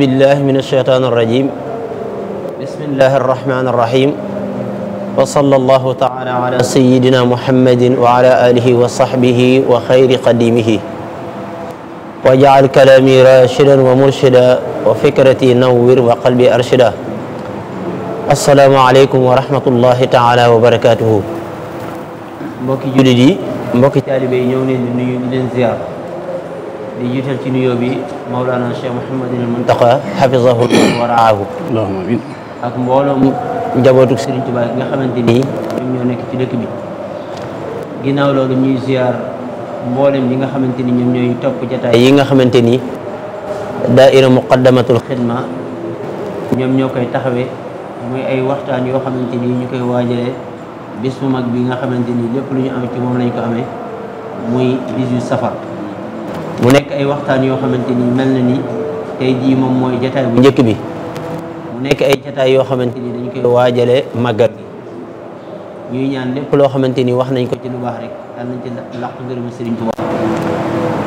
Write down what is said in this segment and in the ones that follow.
billahi min alsheytaan arrajim bismillahi arrahman arrahim wa sallallahu taala ala sayidina muhammadin wa ala alihi wa sahbihi wa xayri qadimihi wa jacal kalaami rashidan wa murshida wa fikrati nawwir wa qalbi arshida assalaamu aleykum wa rahmatullahi taala wa barakatuhu mbokki julit yi mbokki taalibe yi ñëw leen di nuyu di leen ziyaar di jiital ci nuyoo bi Mawlana Cheikh Mouhamadul Muntaqa hafizahullah wa raahu allahumma amin ak mbooloom njabootuk Serigne Touba yi nga xamante ni ñoom ñoo nekk ci dëkk bi ginnaaw loolu ñuy ziar mboolem yi nga xamante ni ñoom ñoo topp jataay yi nga xamante ni daaira muqaddamatul xidma ñoom ñoo koy taxawee muy ay waxtaan yoo xamante ni ñu koy waajalee bis mu mag bi nga xamante ni lépp lu ñu am ci moom lañ ko amee muy 18 safar mu nekk ay waxtaan yoo xamante ni mel na ni tey jii moom mooy jataay bu njëkk bi mu nekk ay jataay yoo xamante ni dañ koy waajale màggal gi ñuy ñaan lépp loo xamante ni wax nañ ko ci lu baax rek dal nañ ci làq ngërëmu Sëriñ Tuubaa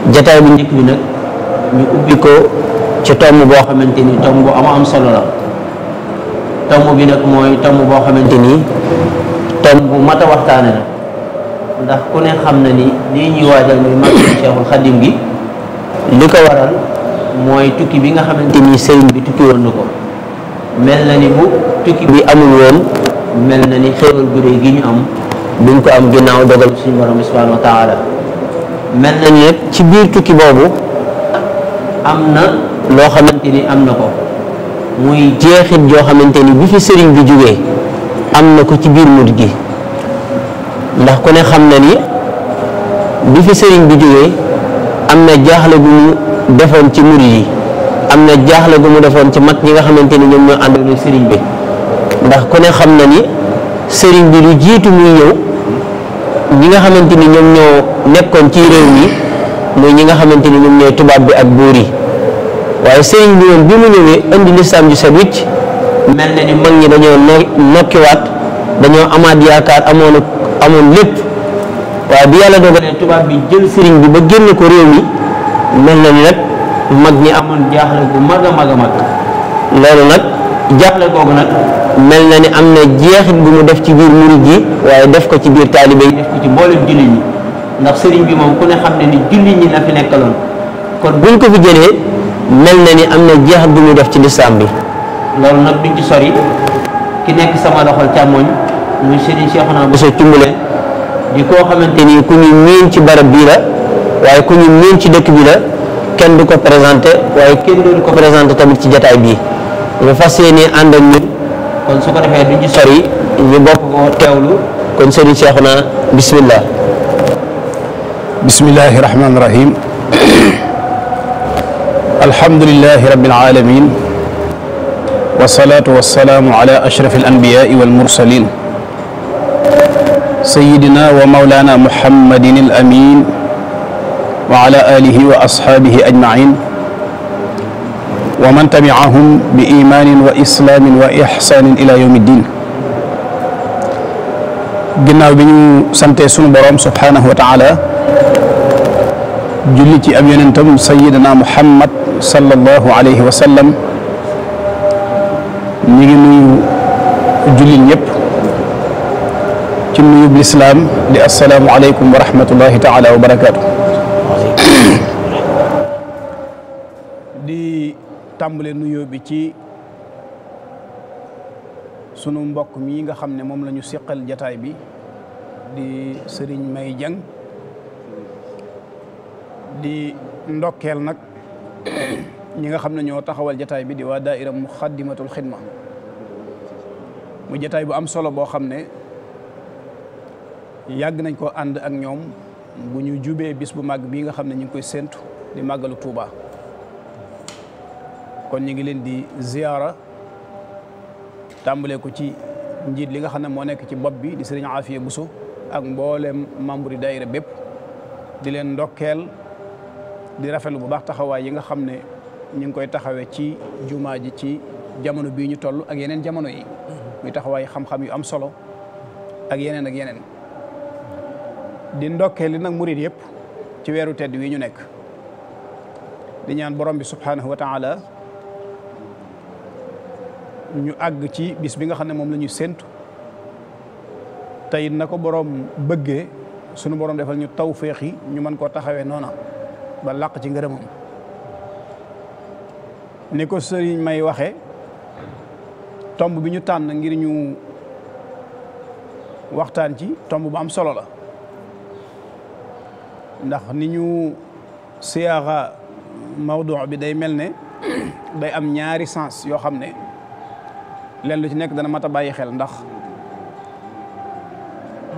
jataay bu njëkk bi nag ñu ubbi ko ci tomb boo xamante ni tomb bu am am solo la tomb bi nag mooy tomb boo xamante ni tomb bu mat a waxtaane la ndax ku ne xam na ni lii ñuy waajal muy màggal Seexul Xadim gi li ko waral mooy tukki bi nga xamante ni sëriñ bi tukki woon na ko mel na ni bu tukki bi amul woon mel na ni xéewal gu gi ñu am duñ ko am ginnaaw dogal suñu borom bi subhanahu wa taala mel na ni ci biir tukki boobu am na loo xamante ni am na ko muy jeexit joo xamante ni bi fi sëriñ bi jógee am na ko ci biir mut gi ndax ku ne xam na ni bi fi sëriñ bi jógee am na jaaxle gu mu defoon ci mur yi am na jaaxle gu mu defoon ci mag ñi nga xamante ni ñoom ñoo ànd ak sëriñ bi ndax ku ne xam na ni sëriñ bi lu jiitu muy ñëw ñi nga xamante ni ñoom ñoo nekkoon ci réew yi mooy ñi nga xamante ni ñoom ñooy tubaab bi ak buur yi waaye sëriñ bi moom bi mu ñëwee indi lislaam ju set wicc mel na ni mag ñi dañoo nokkiwaat dañoo amaat yaakaar amoon amoon lépp waaye bi yàlla dogalee tubaab bi jël sëriñ bi ba génn ko réew mi mel na ni nag mag ñi amoon jaaxle bu mag a mag a mag loolu nag jaaxle googu nag mel na ni am na jeexit bu mu def ci biir murid gi waaye def ko ci biir taalibe ci mboolem jullit ñi ndax sëriñ bi moom ku ne ni jullit la fi nekkaloon ko fi jëlee mel na ni am na jeexit bu mu def ci lislaam bi loolu nag duñ ci sori ki nekk sama loxol càmmoñ muy sëriñ Cheikhouna Bousso di koo xamante ni ku ñu miin ci barab bii la waaye ku ñu miin ci dëkk bi la kenn du ko présenté waaye kenn du ko présenté tamit ci jataay bii ñu fas yéene ànd ak ñun kon su ko defee du ñu sori ñu bokk ko teewlu kon sëriñ Seexuna bismillah bismillahi rahmaani rahim alhamdulilahi rabbil alamin wasalaatu wasalaamu ala ashraf al anbiyaai wal mursalin سيدنا ومولانا محمد الأمين وعلى آله وأصحابه أجمعين ومن تبعهم بإيمان وإسلام وإحسان إلى يوم الدين ginnaaw bi ñu sante sunu boroom subhaanahu wa taala julli ci ab yonentam sayidina muhammad sallallahu alayhi wa sallam ñu ngi nuyu jullit ñëpp nuyub lislaam di assalaamu aleykum wa rahmatullahi wa barakaatu di tàmbale nuyoo bi ci sunu mbokk mii nga xam ne moom lañu ñu jataay bi di sëriñ May Jang di ndokkeel nag ñi nga xam ne ñoo taxawal jataay bi di waa daaira Muxaddamatul Xidma mu jataay bu am solo boo xam ne yàgg nañ ko ànd ak ñoom bu ñu jubee bis bu mag bii nga xam ne ñu ngi koy séentu di màggalu Touba kon ñu ngi leen di ziyaara tàmbalee ko ci njiit li nga xam ne moo nekk ci bopp bi di sëriñ Afiya Buso ak mbooleem membre yi daayira bépp di leen ndokkeel di rafetlu bu baax taxawaay yi nga xam ne ñu ngi koy taxawee ci jumaa ji ci jamono bii ñu toll ak yeneen jamono yi mm-hmm. muy taxawaay xam-xam yu am solo ak yeneen ak yeneen di ndokkee li nag murid yëpp ci weeru tedd wi ñu nekk di ñaan borom bi subhanahu wa taala ñu àgg ci bis bi nga xam ne moom la ñu séntu tey na ko borom bëggee sunu borom defal ñu taw yi ñu mën koo taxawee noona ba làq ci ngërëmam ni ko sëriñ may waxe tomb bi ñu tànn ngir ñu waxtaan ci tomb bu am solo la ndax ni ñu siyaaxa mawdu bi day mel ne day am ñaari sens yoo xam ne leen lu ci nekk dana mat a bàyyi xel ndax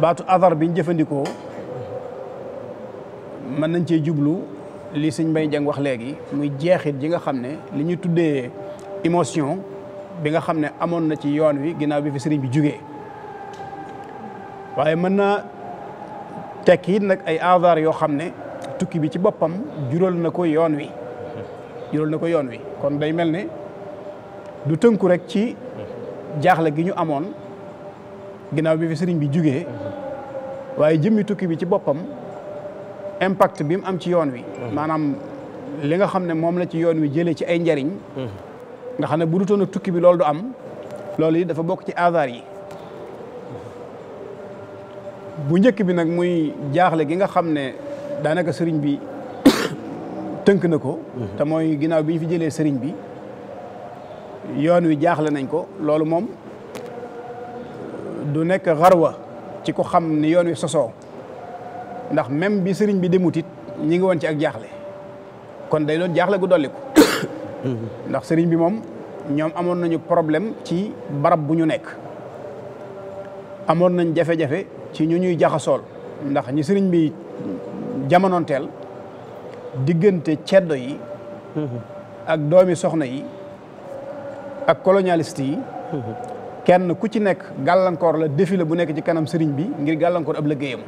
baatu adar biñ jëfandikoo mën nañ cee jublu li sëñ Mbaye Dieng wax léegi muy jeexit ji nga xam ne li ñu tuddee émotion bi nga xam ne amoon na ci yoon wi ginnaaw bi fi sëriñ bi jugee waaye mën naa tekki nag ay aadaar yoo xam ne tukki bi ci boppam jural na ko yoon wi jural na ko yoon wi kon day mel ne du tënku rek ci jaaxle gi ñu amoon ginnaaw bi fi sëriñ bi jugee waaye jëmmi tukki bi ci boppam impact bi mu am ci yoon wi maanaam li nga xam ne moom la ci yoon wi jëlee ci ay njariñ hmm. nga xam ne bu dutoon ak tukki bi loolu du am loolu yi dafa bokk ci aadaar yi bu njëkk bi nag muy jaaxle gi nga xam ne daanaka sëriñ bi tënk na ko. Mhm. te mooy ginnaaw bi fi jëlee sëriñ bi yoon wi jaaxle nañ ko loolu moom du nekk xarwa ci ko xam ni yoon wi sosoo ndax même bi sëriñ bi demut mutit ñi ngi woon ci ak jaaxle kon day doon jaaxle gu dolliku. Mhm. ndax sëriñ bi moom ñoom amoon nañu problème ci barab bu ñu nekk. amoon nañ jafe-jafe ci ñu ñuy jaxasool ndax ñi sëriñ bi jamonoonteel diggante ceddo yi ak doomi soxna yi ak colonialiste yi kenn ku ci nekk gàllankoor la defile bu nekk ci kanam sëriñ bi ngir gàllankoor ab liggéeyam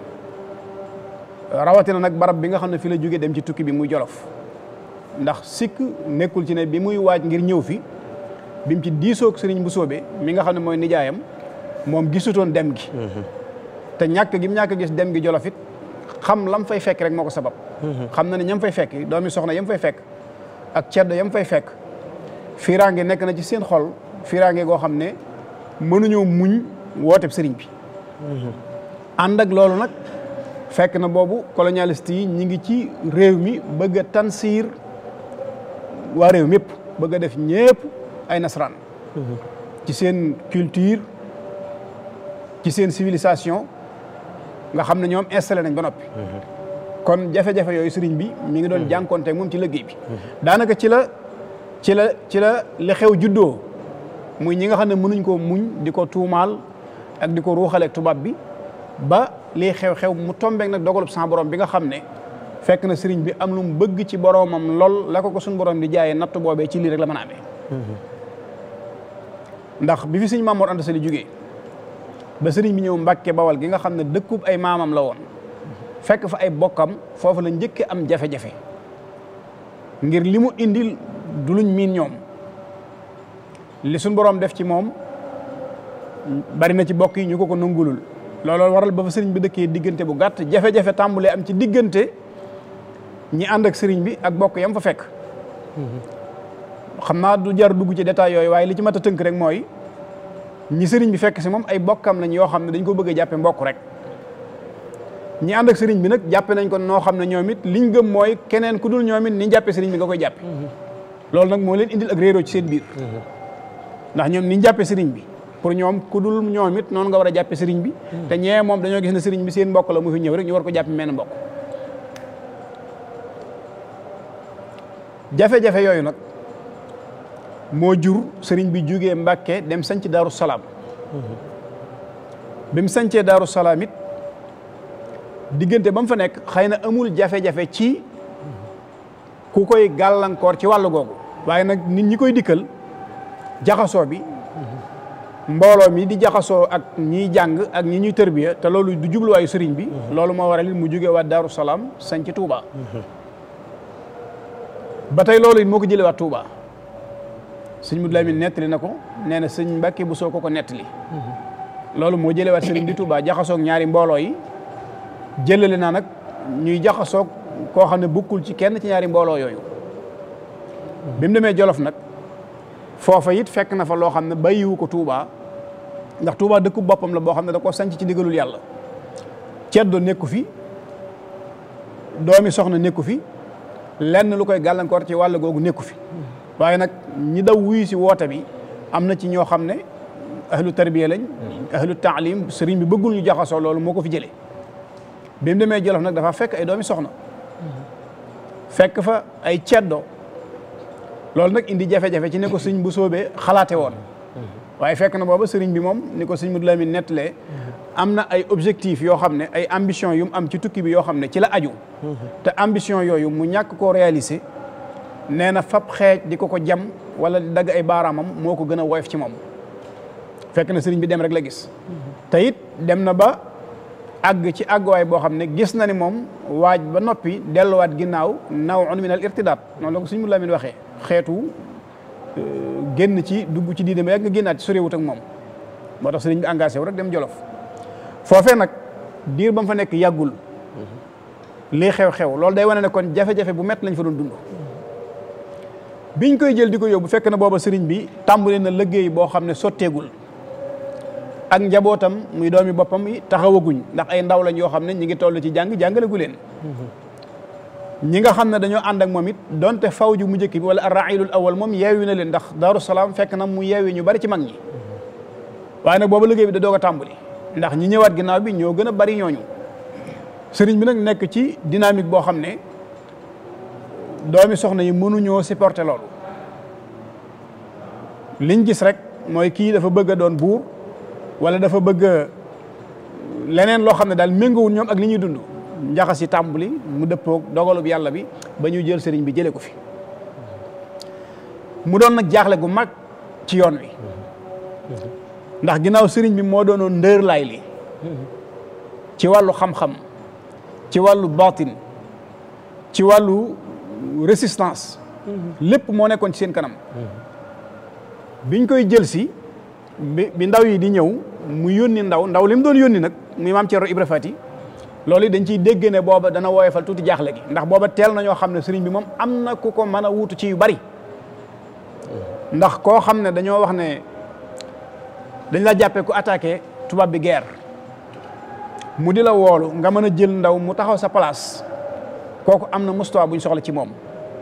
rawatina nag barab bi nga xam ne fi la jógee dem ci tukki bi muy jolof ndax sikk nekkul ci ne bi muy waaj ngir ñëw fi bi mu ci diisoog sëriñ bu soobee mi nga xam ne mooy nijaayam moom gisutoon dem gi mhm. te ñàkk gi mu ñàkk gis dem gi jolofit xam lam fay fekk rek moo ko sabab mhm. xam na ne ñam fay fekk doomi soxna yam fay fekk ak ceddo yam fay fekk fiiraange nekk na ci seen xol fiiraange goo xam ne mënuñoo muñ wooteb sëriñ bi mhm. ànd ak loolu nag fekk na boobu colonialiste yi ñi ngi ci réew mi bëgg a tansiir waa réew mépp bëgg a def ñépp ay nasaraan ci seen culture ci seen civilisation nga xam ne ñoom installé nañ ba noppi. kon jafe-jafe yooyu sëriñ bi mi ngi doon mhm. jànkonte moom ci liggéey bi. Mhm. daanaka ci la ci la ci la li xew juddoo muy ñi nga xam ne mënuñ ko muñ di ko tuumaal ak di ko ruuxaleeg tubaab bi ba lii xew-xew mu tombeek nag dogalub sans boroom bi nga xam ne. fekk na sëriñ bi am lu mu bëgg ci boroomam lool la ko ko suñu borom di jaayee nattu boobe ci lii rek la mën a mhm. ndax bi fi sëriñ Maam Mor Anta Sali jugee ba sëriñ bi ñëw Mbàkke Bawal gi nga xam ne dëkku ay maamam la woon fekk fa ay bokkam foofu la njëkke am jafe-jafe ngir limu indi indil du luñ miin ñoom li suñ boroom def ci moom bari na ci bokk yi ñu ko ko nangulul looloo waral ba fa sëriñ bi dëkkee diggante bu gàtt jafe-jafe tàmbulee am ci diggante ñi ànd ak sëriñ bi ak bokk yam fa fekk mm-hmm. xam naa du jar dugg ci détail yooyu waaye li ci mat a tënk rek mooy ñi sëriñ bi fekk si moom ay bokkam lañ yoo xam ne dañ ko bëgg a jàppe mbokk rek ñi ànd ak sëriñ bi nag jàppe nañ ko noo xam ne ñoom it liñ gëm mooy keneen ku dul ñoom it ni jàppe sëriñ bi nga koy jàppe loolu nag moo leen indil ak ci seen biir ndax ñoom niñ jàppe sëriñ bi pour ñoom ku dul ñoom noonu nga war a jàppe sëriñ bi te ñee moom dañoo gis ne sëriñ bi seen mbokk la mu fi ñëw rek ñu war ko jàppe menn mbokk jafe-jafe yooyu nag moo jur sëriñ bi jógee mbakke dem sanc Daaru Salaam bi mu sancee Daaru Salaam it diggante ba mu fa nekk xëy na amul jafe-jafe ci ku koy gàllankoor ci wàllu googu waaye nag nit ñi koy dikkal jaxasoo bi mbooloo mi di jaxasoo ak ñiy jàng ak ñi ñuy tërbiya te loolu du jubluwaayu sëriñ bi loolu moo waral mu jóge waat Daaru Salaam sanc Tuuba mhm. ba tey loolu it moo ko jëlee waa Tuuba sëñ Mudu Lamin nettali na ko nee na sëñ Mbàkke bu soo ko ko nettali loolu moo jëlewaat sëriñ di Touba jaxasoog ñaari mbooloo yi jëlale naa nag ñuy jaxasoog koo xam ne bukkul ci kenn ci ñaari mbooloo yooyu bi mu demee Jolof nag foofa it fekk na fa loo xam ne bàyyiwu ko tuuba ndax Touba dëkku boppam la boo xam ne da ko sanc ci ndigalul yàlla ceddo nekku fi doomi soxna nekku fi lenn lu koy gàllankoor ci wàll googu nekku fi waaye nag ñi daw wuyu si woote bi am na ci ñoo xam ne a ahlu tarbiya lañ ahlu taalim sëriñ bi bëggul ñu jaxasoo loolu moo ko fi jëlee bi mu demee Jolof nag dafa fekk ay doomi soxna fekk fa ay ceddo loolu nag indi jafe-jafe ci nekko ko sëñ bu soobee xalaate woon waaye fekk na boobu sëriñ bi moom ni ko sëñ Mudu Lamin nettalee am na ay objectif yoo xam ne ay ambition yu mu am ci tukki bi yoo xam ne ci la aju te ambition yooyu mu ñàkk koo réaliser nee na fab xeej di ko ko jam wala dagg ay baaraamam moo ko gën a woyof ci moom fekk na sëriñ bi dem rek la gis te it dem na ba àgg ci àgguwaay boo xam ne gis na ni moom waaj ba noppi delluwaat ginnaaw nawun min al irtidaat noonu la ko sëriñ mu Lamin waxee xeetu euh, génn ci dugg ci diine bi rek nga génnaat ci soriwut ak moom moo tax sëriñ bi engagé wu rek dem Jolof foofe nag diir bam fa nekk yàggul mhm. lii xew-xew loolu day wane ne kon jafe-jafe bu mett lañ fa doon dund biñ koy jël di ko yóbbu fekk na booba sëriñ bi tàmbali na liggéey boo xam ne sotteegul ak njabootam muy doomi boppam yi taxawaguñ ndax ay ndaw lañ yoo xam ne ñu ngi toll ci jàng jàngale gu leen. ñi nga xam ne dañoo ànd ak moom it donte faw ju mu njëkk bi wala arrailul awal moom yeewi na leen ndax Daaru Salaam fekk na mu yeewi ñu bari ci mag ñi waaye nag booba liggéey bi da doog a tàmbali ndax ñi ñëwaat ginnaaw bi ñoo gën a bari ñooñu sëriñ bi nag nekk ci dynamique boo xam ne doomi soxna yi mënuñoo supporter loolu liñ gis rek mooy kii dafa bëgg doon buur walla dafa bëgg leneen loo xam ne daal méngoowul ñoom ak li ñuy dund njaxas yi tàmbali mu dëppoog dogalub yàlla bi ba ñu jël sëriñ bi jële ko fi mu doon nag jaaxle gu mag ci yoon wi ndax ginnaaw sëriñ bi moo doonoon ndër lay li ci wàllu xam-xam ci wàllu baatin ci wàllu résistance. lépp moo nekkoon ci seen kanam. biñ koy jël si bi bi ndaw yi di ñëw mu yónni ndaw ndaw li mu doon yónni nag muy maam Thierno Ibra Fati loolu dañ ciy dégg ne booba dana woyofal tuuti jaaxle gi ndax booba teel na ñoo xam ne sëriñ bi moom am na ku ko mën a wuutu ci yu bari ndax koo xam ne dañoo wax ne dañ la jàppee ku attaqué tubaab bi guerre mu di la woolu nga mën a jël ndaw mu taxaw sa place kooku am na mustawa bu ñu soxla ci moom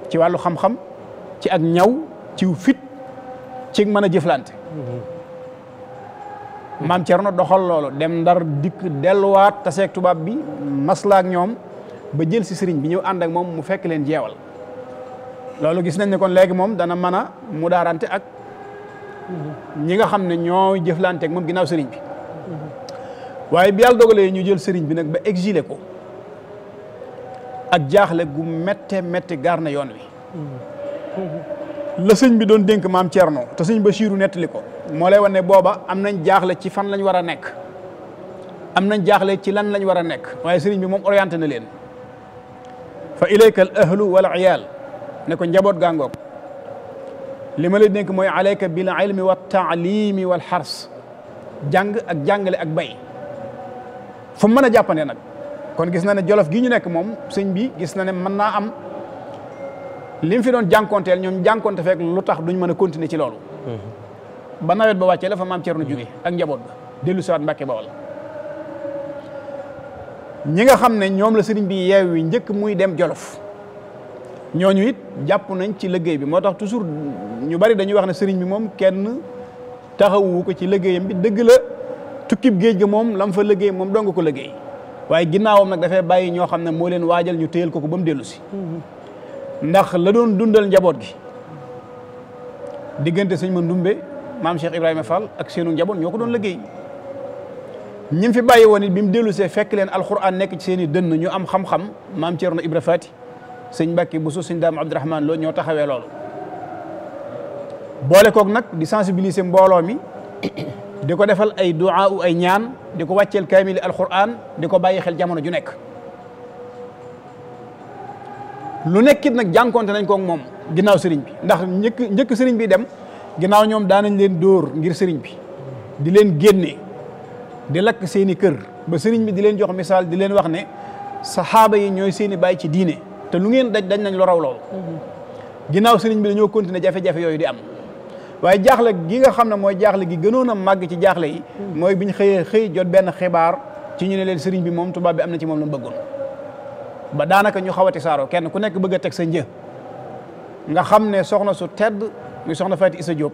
ci wàllu xam-xam ci ak ñaw ci fit ci mën a jëflante. Hmm. maam Thierno doxal loolu dem ndar dikk delluwaat taseeg tubaab bi maslaa ñoom ba jël si sëriñ bi ñëw ànd ak moom mu fekk leen jeewal loolu gis nañ ne kon léegi moom dana mën a mu daarante ak ñi nga xam ne ñoo jëflante ak moom ginnaaw sëriñ bi hmm. waaye bi yàlla dogalee ñu jël sëriñ bi nag ba exilé ko. ak jaaxle gu métte métti gaar na yoon wi la sëñ bi doon dénk maam Thierno te ba Bachirou nettali ko moo lay wane booba am nañ jaaxle ci fan lañ war a nekk am nañ jaaxle ci lan lañ war a nekk waaye sëriñ bi moom orienté na leen fa ilayka al ahlu wal iyal ne ko njaboot gàngoog li ma lay dénk mooy alayka bil ilmi wa taalimi wal xars jàng ak jàngale ak bay fu mu mën a jàppandee nag kon gis na ne jolof gi ñu nekk moom sëñ bi gis na ne mën naa am li fi doon jànkonteel ñoom jànkonte fekk lu tax duñ mën a continuer ci loolu. Mhm. ba nawet ba wàccee la fa maam Thierno jóge mhm. ak njaboot ba dellu si waat Mbàkke Bawol ñi nga xam ne ñoom la sëriñ bi yeew wi njëkk muy dem jolof ñooñu it jàpp nañ ci liggéey bi moo tax toujours ñu bari dañuy wax ne sëriñ bi moom kenn taxawu ko ci liggéeyam bi dëgg la tukkib géej ga moom lam fa liggéey moom dong ko liggéey. waaye ginnaawam nag dafa bàyyi ñoo xam ne moo leen waajal ñu téyel ko ko ba mu dellu ndax la doon dundal njaboot gi diggante sëñ ma ndumbe maam Cheikh Ibrahima Fall ak seenu njaboot ñoo ko doon liggéey ñi fi bàyyi woon it bi mu dellu see fekk leen alxuraan nekk ci seen i dënn ñu am xam-xam maam Thierno Ibra Fati sëñ Mbàkke Buso sëñ Daam Abdourahman loolu ñoo taxawee loolu boole koog nag di sensibiliser mbooloo mi di ko defal ay duaa ay ñaan di ko wàcceel kaamili alquran di ko bàyyi xel jamono ju nekk lu nekkit nag jànkonte nañ koog moom ginnaaw sëriñ bi ndax njëkk njëkk sëriñ bi dem ginnaaw ñoom daan nañ leen dóor ngir sëriñ bi di leen génne di lakk seeni kër ba sëriñ bi di leen jox misaal di leen wax ne saxaaba yi ñooy seeni baay ci diine te lu ngeen dañ dañ nañ lu raw lool mm-hmm. ginnaaw sëriñ bi dañoo continuer jafe-jafe yooyu di am waaye jaaxle gi nga xam ne mooy jaaxle gi gënoon a màgg ci jaaxle yi mooy bi ñu xëyee xëy jot benn xibaar ci ñu ne leen sëriñ bi moom tubaab bi am na ci moom la mu bëggoon ba daanaka ñu ti saaro kenn ku nekk bëgg teg sa një nga xam ne soxna su tedd muy soxna Faati Isa Jóob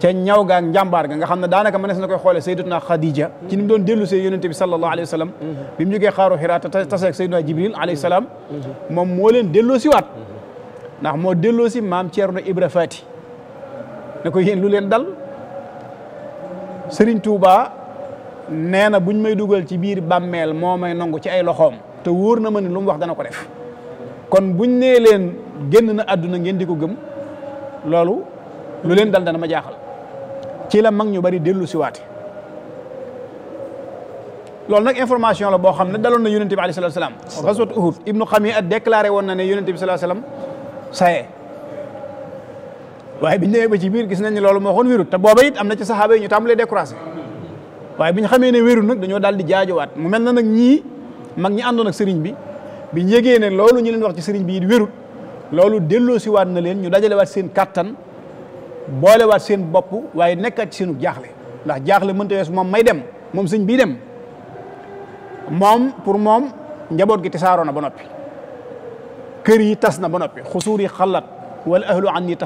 ca ñaw ga ak njàmbaar ga nga xam ne daanaka ma mënees na koy xoolee sayyidatuna Khadija ci ni mu doon dellu see yonente bi sallallahu alayhi wa sallam bi mu jógee xaaru Hira taseeg sayyiduna Jibril alayhi salaam moom moo leen delloo si ndax moo delloo si maam Ceerno Ibra Faati ne ko yéen lu leen dal sëriñ tuuba nee na buñ may dugal ci biir bàmmeel moo may nangu ci ay loxoom te wóor na ma ni lu wax dana ko def kon buñ nee leen génn na àdduna ngeen di ko gëm loolu lu leen dal dana ma jaaxal ci la mag ñu bari dellu si waate loolu nag information la boo xam ne daloon na yonente bi alayhi salaam. ghazwat Uhud ibnu a déclaré woon na ne yonente bi sallallahu alayhi saye waaye biñ demee ba ci biir gis nañ ne loolu moo xoon wérut te booba it am na ci saxaaba yi ñu tàmbalee découragé waaye bi ñu xamee ne wérul nag dañoo daal di jaajowaat mu mel na nag ñii mag ñi àndoon ak sëriñ bi biñ yégee ne loolu ñu leen wax ci sëriñ bi it wérul loolu delloosiwaat na leen ñu dajale waat seen kattan boolewaat seen boppu waaye nekkaat ci seenu jaaxle ndax jaaxle mënta wees moom may dem moom sëñ bii dem moom pour moom njaboot gi tasaaroo na ba noppi kër yi tas na ba noppi xusuur yi xalat wal ahlu an yi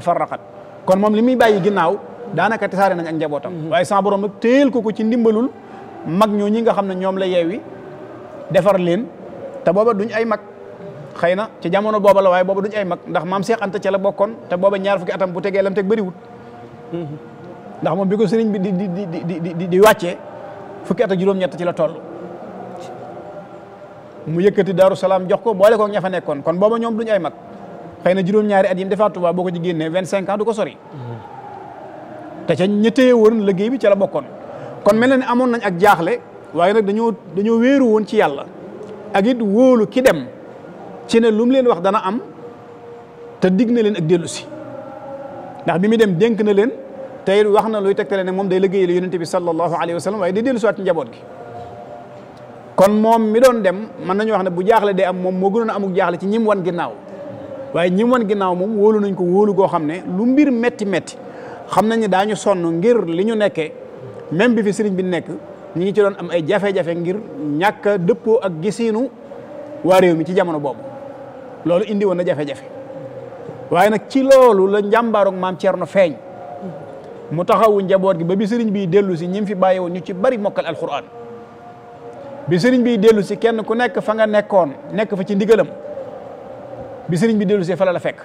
kon moom li muy bàyyi ginnaaw daanaka tasaare nañ ak njabootam. Mhm. waaye sans borom nag téyel ko ko ci ndimbalul mag ñoo ñi nga xam ne ñoom la yeewi defar leen te booba duñ ay mag xëy na ci jamono booba la waaye booba duñ ay mag ndax maam Cheikh Anta ca la bokkoon te booba ñaar fukki atam bu tegee lam teg bëriwut mhm. ndax moom bi ko sëriñ bi di di di di di wàccee fukki at ak juróom-ñett ci la toll. mu yëkkati Daaru Salaam jox ko boole ko ña fa nekkoon kon booba ñoom duñ ay mag. xay na juróom-ñaari at yi mu defaat Touba boo ko ci génnee vingt cinq ans du ko sori te ca ña woon liggéey bi ca la bokkoon kon mel na ne amoon nañ ak jaaxle waaye nag dañoo dañoo wéeru woon ci yàlla ak it wóolu ki dem ci ne lu leen wax dana am te dig na leen ak dellu si ndax bi muy dem dénk na leen te it wax na luy tegtale ne moom day liggéeyal yonente bi sallallahu alayhi wa sallam waaye day dellu si waat ci njaboot gi kon moom mi doon dem mën nañu wax ne bu jaaxle day am moom moo gënoon a amuk ci ñim wan ginnaaw waaye ñi mën ginnaaw moom wóolu nañ ko wóolu goo xam ne lu mbir métti métti xam nañ ne daañu sonn ngir li ñu nekkee même bi fi sëriñ bi nekk ñu ngi ci doon am ay jafe ngir ñàkk a ak gisiinu waa réew mi ci jamono boobu loolu indi woon na jafe-jafe waaye nag ci loolu la njàmbaaroog maam Thierno feeñ mu taxawu njaboot gi ba bi sëriñ bii dellu si ñim fi bàyyi woon ñu ci bari mokkal alquran bi sëriñ bi dellu si kenn ku nekk fa nga nekkoon nekk fa ci ndigalam bi sëriñ bi dellu see fa la fekk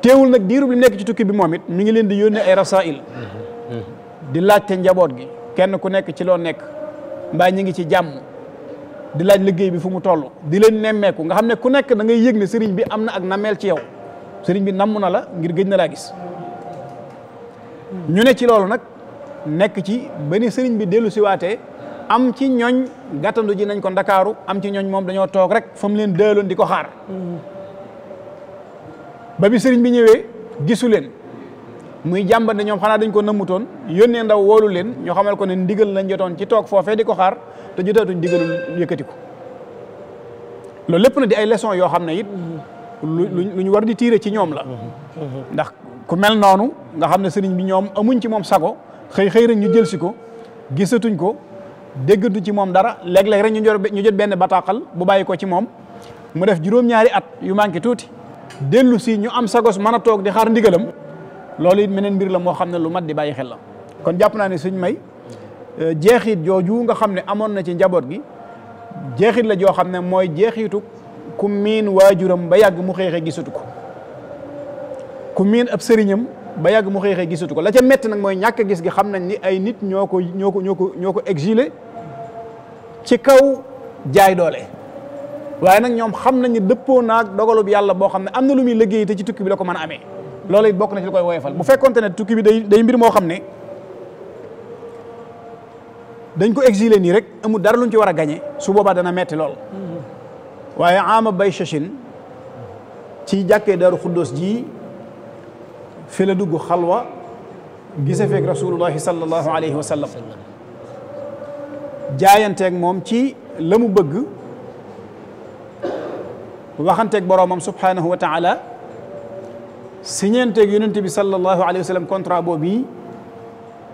teewul nag diirub li nekk ci tukki bi moom it mi ngi leen di yónnee ay rasail di laajte njaboot gi kenn ku nekk ci loo nekk mbaa ñi ngi ci jàmm di laaj liggéey bi fu mu toll di leen nemmeeku nga xam ne ku nekk da ngay ne sëriñ bi am na ak nameel ci yow sëriñ bi namm na la ngir gëj na laa gis ñu ne ci loolu nag nekk ci ba ni sëriñ bi dellu siwaatee am ci ñooñ gàttandu ji nañ ko ndakaaru am ci ñooñ moom dañoo toog rek fa leen dëloon di ko xaar ba bi sëriñ bi ñëwee gisu leen muy jàmbat ne ñoom xanaa dañ ko nammutoon yónnee ndaw woolu leen ñoo xamal ko ne ndigal lañ jotoon ci toog foofee di ko xaar te jotaatuñ ndigalul yëkkati ko loolu lépp na di ay leçon yoo xam ne it lu ñu war di tiire ci ñoom la ndax ku mel noonu nga xam ne sëriñ bi ñoom amuñ ci moom sago xëy xëy rek ñu jël si ko gisatuñ ko déggatuñ ci moom dara léeg-léeg rek ñu jot benn bataaxal bu bàyyi ko ci moom mu def juróom-ñaari at yu manqué tuuti dellu si ñu am sagos mën a toog di xaar ndigalam loolu it meneen mbir la moo xam ne lu mat di bàyyi xel la kon jàpp naa ne sëñ may euh, jeexiit jooju nga xam ne amoon na ci njaboot gi jeexit la joo xam ne mooy jeexitu ku miin waajuram ba yàgg mu xeexee gisatu ko ku miin ab sëriñam ba yàgg mu xeexee gisatu ko la ca métti nag mooy ñàkk gis gi xam nañ ni ay nit ñoo ko ñoo ko ñoo ko ñoo ko exilé ci kaw jaay doole waaye nag ñoom xam nañu dëppoo naag dogalub yàlla boo xam ne am na lu muy liggéey te ci tukki bi la ko mën a amee loolu bokk na ci lu koy woyofal bu fekkonte ne tukki bi day day mbir moo xam ne dañ ko exilé nii rek amul dara luñ ci war a gañe su boobaa dana metti lool waaye ama bay chachine ci jàkkee daaru xuddoos ji fi la dugg xalwa gise feek rasulullahi sallallahu alayhi wa sallam jaayanteeg moom ci la mu bëgg waxanteeg boroomam subhanahu wa taala siñeenteeg yonent bi sallallahu alayhi wa sallam contrat boobu yi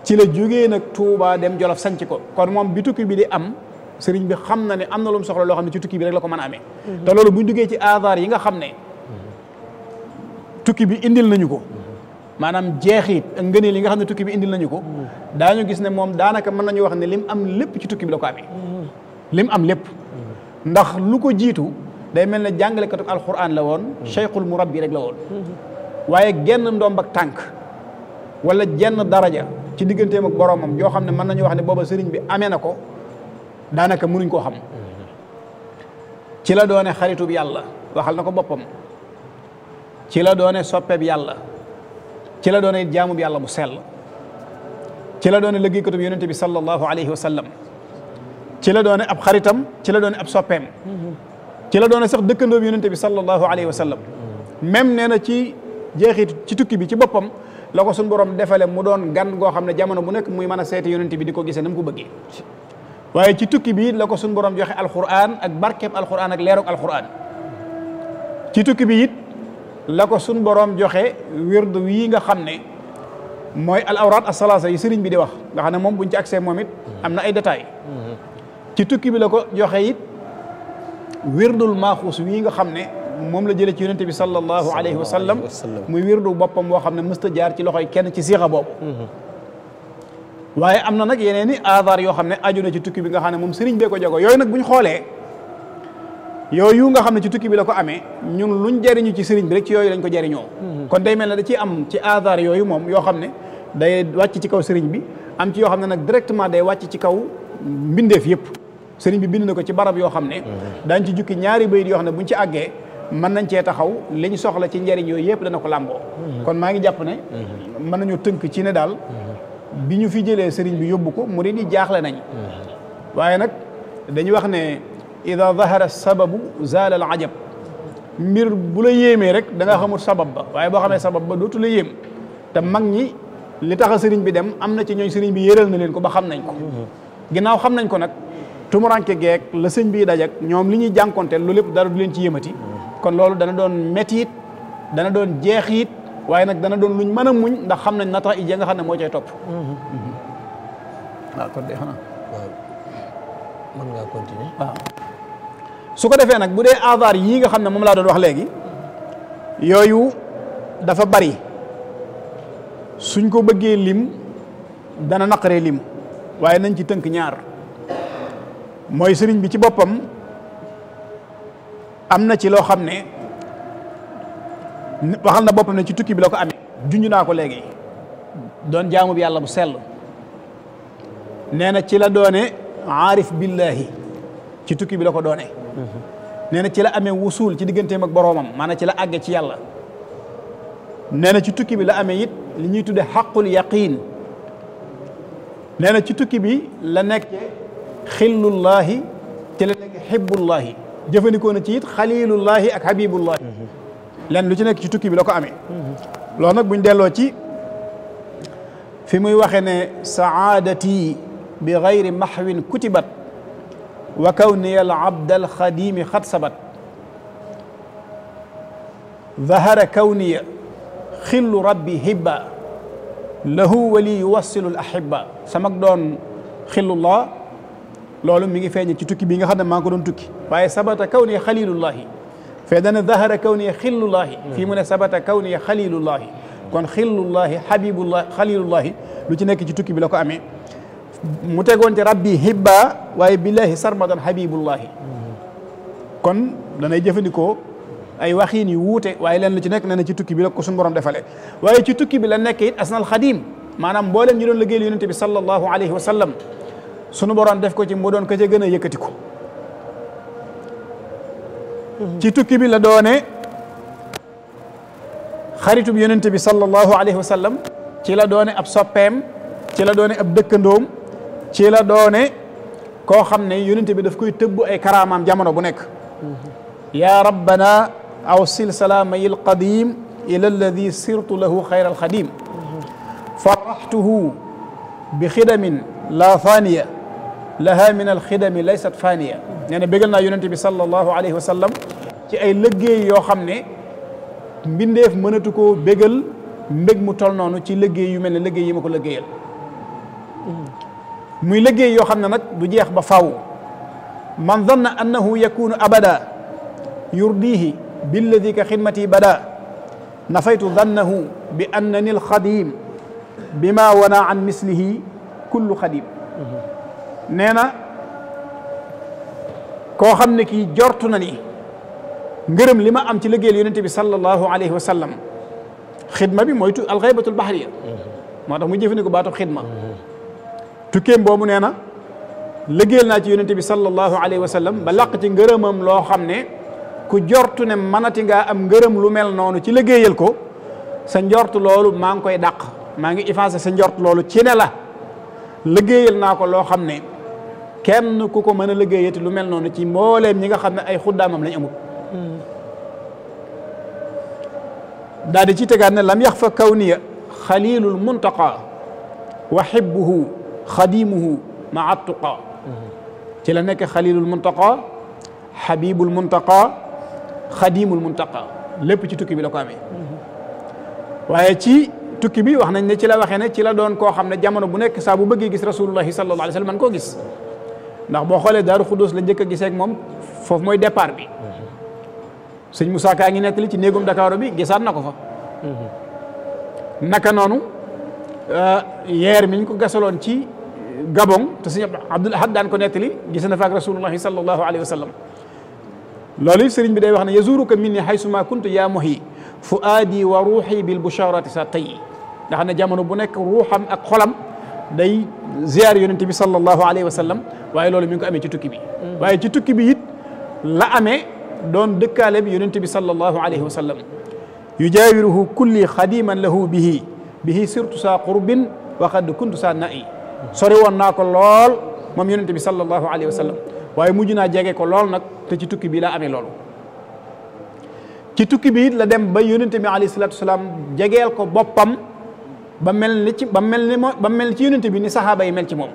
ci la jógee nag Touba dem Jolof sanc ko kon moom bi tukki bi di am sëriñ bi xam na ne am na lu mu soxla loo xam ne ci tukki bi rek la ko mën a amee. Mhm. bu ñu duggee ci aadaar yi nga xam ne tukki bi indil nañu ko. maanaam jeexit a ngëneel yi nga xam ne tukki bi indil nañu ko. Mhm. daañu gis ne moom daanaka mën nañu wax ne lim am lépp ci tukki bi la ko amee. Mhm. lim am lépp. ndax lu ko jiitu. day mel ne jàngalekatu alxuraan la woon cheikhul murabbi rek la woon waaye genn ndomb ak tànk wala jenn daraja ci digganteem ak boromam yoo xam ne mën nañu wax ne booba sëriñ bi amee na ko daanaka mënuñ koo xam ci la doone xaritub yàlla waxal na ko boppam ci la doone soppeeb yàlla ci la doone jaamub yàlla mu sell ci la doone liggéeykatub yonente bi sallallahu alayhi wa sallam ci la doone ab xaritam ci la doone ab soppeem ci la doone sax dëkkandoom yonente bi sallallahu alayhi wa sallam même nee na ci jeexit ci tukki bi ci boppam la ko suñu borom defale mu doon gan goo xam ne jamono bu nekk muy mën a seeti yonente bi di ko gisee na mu ko bëggee waaye ci tukki bi la ko suñu borom joxe alquran ak barkeeb alquran ak leerug alquran ci tukki bi it la ko suñu borom joxe wird wii nga xam ne mooy al awraat yi sëriñ bi di wax nga xam ne moom buñ ci accès moom it am na ay détails mm-hmm. ci tukki bi la ko joxe it wirdul maaxuus wii nga xam ne moom la jële ci yonente bi sallallahu alayhi wa sallam muy wirdu boppam boo xam ne mësta jaar ci loxoy kenn ci siixa boobu waaye am na nag yeneen i aadaar yoo xam ne aju na ci tukki bi nga xam ne moom sëriñ bee ko jago yooyu nag bu ñu yooyu nga xam ne ci tukki bi la ko amee ñun luñ jëriñu ci sëriñ bi rek ci yooyu lañ ko jëriñoo kon day mel ne da ciy am ci aadaar yooyu moom yoo xam ne day wàcc ci kaw sëriñ bi am ci yoo xam ne nag directement day wàcc ci kaw mbindeef yëpp sëriñ bi bind na ko ci barab yoo xam ne daañ ci jukki ñaari bayit yoo xam ne buñ ci àggee mën nañ cee taxaw liñ soxla ci njariñ yooyu yëpp dana ko làmboo mhm. kon maa ngi jàpp ne mhm. mën nañu tënk ci ne daal mhm. bi ñu fi jëlee sëriñ bi yóbbu ko murid yi jaaxle nañ waaye nag dañuy wax ne ida zahara sababu zaala al ajab mbir bu la yéemee rek danga nga xamul sabab ba waaye boo xamee sabab ba dootu la yéem te mag ñi li tax sëriñ bi dem am na ci ñooñ sëriñ bi yéral na leen ko ba xam nañ ko tumuraanke geek la sëñ bi dajak ñoom li ñuy jànkonteel loolu lépp dara du leen ci yëmati kon loolu dana doon metit dana doon jeexiit waaye nag dana doon luñ mën a muñ ndax xam na natax ije nga xam ne cay topp mm-hmm. waaw kon de xanaa ko defee nag bu dee avar yii nga xam ne moom laa doon wax léegi yooyu dafa bari suñ ko bëggee lim dana naqaree lim waaye nañ ci tënk ñaar mooy sëriñ bi ci boppam am na ci loo xam ne waxal na boppam ne ci tukki bi la ko amee junj naa ko léegi doon jaamu bi yàlla bu sell nee na ci la doone aarif billahi ci tukki bi la ko doone mhm. nee na ci la amee wusul ci digganteem ak boroomam na ci la àgge ci yàlla nee na ci tukki bi la amee it li ñuy tudde xaqul yaqiin nee na ci tukki bi la nekk xillullaahi ci la nekk xibbullaahi jëfandikoo na ci it xalilullaahi ak xabibullaahi lenn lu ci nekk ci tukki bi la ko amee loolu nag buñ delloo ci fi muy waxe ne saadati bi gayri maxwin kutibat wa kawniya al abd al xadimi xat sabat dahara kawniya xillu rabbi hibba lahu wali yuwassilu al ahibba samag doon xillullah loolu mi ngi feeñe ci tukki bi nga xam ne maa ko doon tukki waaye sabata kaw nii xalilullahi fee dana zahara kaw nii xillullahi hmm. fii mu ne sabata kaw nii xalilullahi kon xillullahi habibullah xalilullahi lu ci nekk ci tukki bi la ko amee mu tegoon ci rabbi hibba waaye billahi sarmadan habibullahi hmm. kon danay jëfandikoo ay waxiin yu wuute waaye leen lu ci nekk nee na ci tukki bi la ko suñu borom defalee waaye ci tukki bi la nekk it asnal xadim maanaam mbooleem ñu doon liggéeyal yonente bi sallallahu alayhi wa sallam sunu borom def ko ci mu doon ko ca gën a yëkkati ko ci tukki bi la doone xaritub bi sallallahu alayhi wa sallam ci la doone ab soppeem ci la doone ab dëkkandoom ci la doone koo xam ne yonent bi daf koy tëbb ay karaamaam jamono bu nekk yaa rabbana aw sil salaamay al ila alladi sirtu lahu xayra alxadim faraxtuhu bi xidamin la thaniya laha min alxidami laysat faniya nee na bégal naa yonente sallallahu alayhi wa ci ay liggéey yoo xam ne mbindeef mënatu koo bégal mbég mu tol noonu ci liggéey yu mel ne liggéey yi ma ko liggéeyal muy liggéey yoo xam ne nag du jeex ba faw man danna annahu yakunu abada yurdihi billadi ka xidmati bada nafaytu dannahu bi annani alxadim bima wana an mislihi kullu xadim nee na koo xam ne kii jortu na ni ngërëm li ma am ci liggéeyal yonente bi sallallahu alayhi wa sallam xidma bi mooy tu alxaybatul bahriya moo tax mu jëfandikoo baatu xidma tukkeem boobu nee na liggéeyal naa ci yonente bi sallallahu alayhi wa sallam ba làq ci ngërëmam loo xam ne ku jortu ne mënati nga am ngërëm lu mel noonu ci liggéeyal ko sa njortu loolu maa ngi koy dàq maa ngi effacé sa njort loolu ci ne la liggéeyal naa ko loo xam ne kenn ku ko mën a ti lu mel noonu ci mbooleem ñi nga xam ne ay xuddaamam lañ amul daal di ci tegaat ne lam yax fa kawniya xalilul muntaqa wa xibbuhu xadimuhu maa tuqa ci la nekk xalilul muntaqa xabibul muntaqa xadimul muntaqa lépp ci tukki bi la ko amee waaye ci tukki bi wax nañ ne ci la waxee ne ci la doon koo xam ne jamono bu nekk saa bu bëggee gis rasulullahi sallallahu alayhi wa sallam man koo gis ndax boo xoolee daaru xudóos la jëkk a moom foofu mooy départ bi sëñ Moussa kaa ngi nettali ci néegum Dakar bi gisaan na ko fa mhm. naka noonu euh, yeer mi ñu ko gasaloon ci Gabon te sëñ Abdul Ahad daan ko nettali gis na fa ak rasulullahi sallallahu alayhi wa loolu it sëriñ bi day wax ne yazuruka minni haysuma kuntu yaa muhi fuaadi wa ruuxi bil busharati sa tey ndax xam ne jamono bu nekk ruuxam ak xolam day ziar yonent bi sallallahu alayhi wa waaye loolu mi ngi ko amee ci tukkibi waaye ci tukki bi la ame doon dëkkaale bi yonent bi sallallahu alayhi wa sallam yujaawiruhu kulli xadiman lahu bihi bihi surtout saa qurbin wa qad kuntu saa na'i sori woon naa ko lool moom yonent bi sallallahu alayhi wa sallam waaye mujj naa jege ko lool nag te ci tukki bi la amee loolu ci tukki bi la dem ba yonent bi alayhi salaatu jegeel ko boppam ba mel ni ci ba mel ni moo ba mel ci yonente bi ni saxaaba yi mel ci moom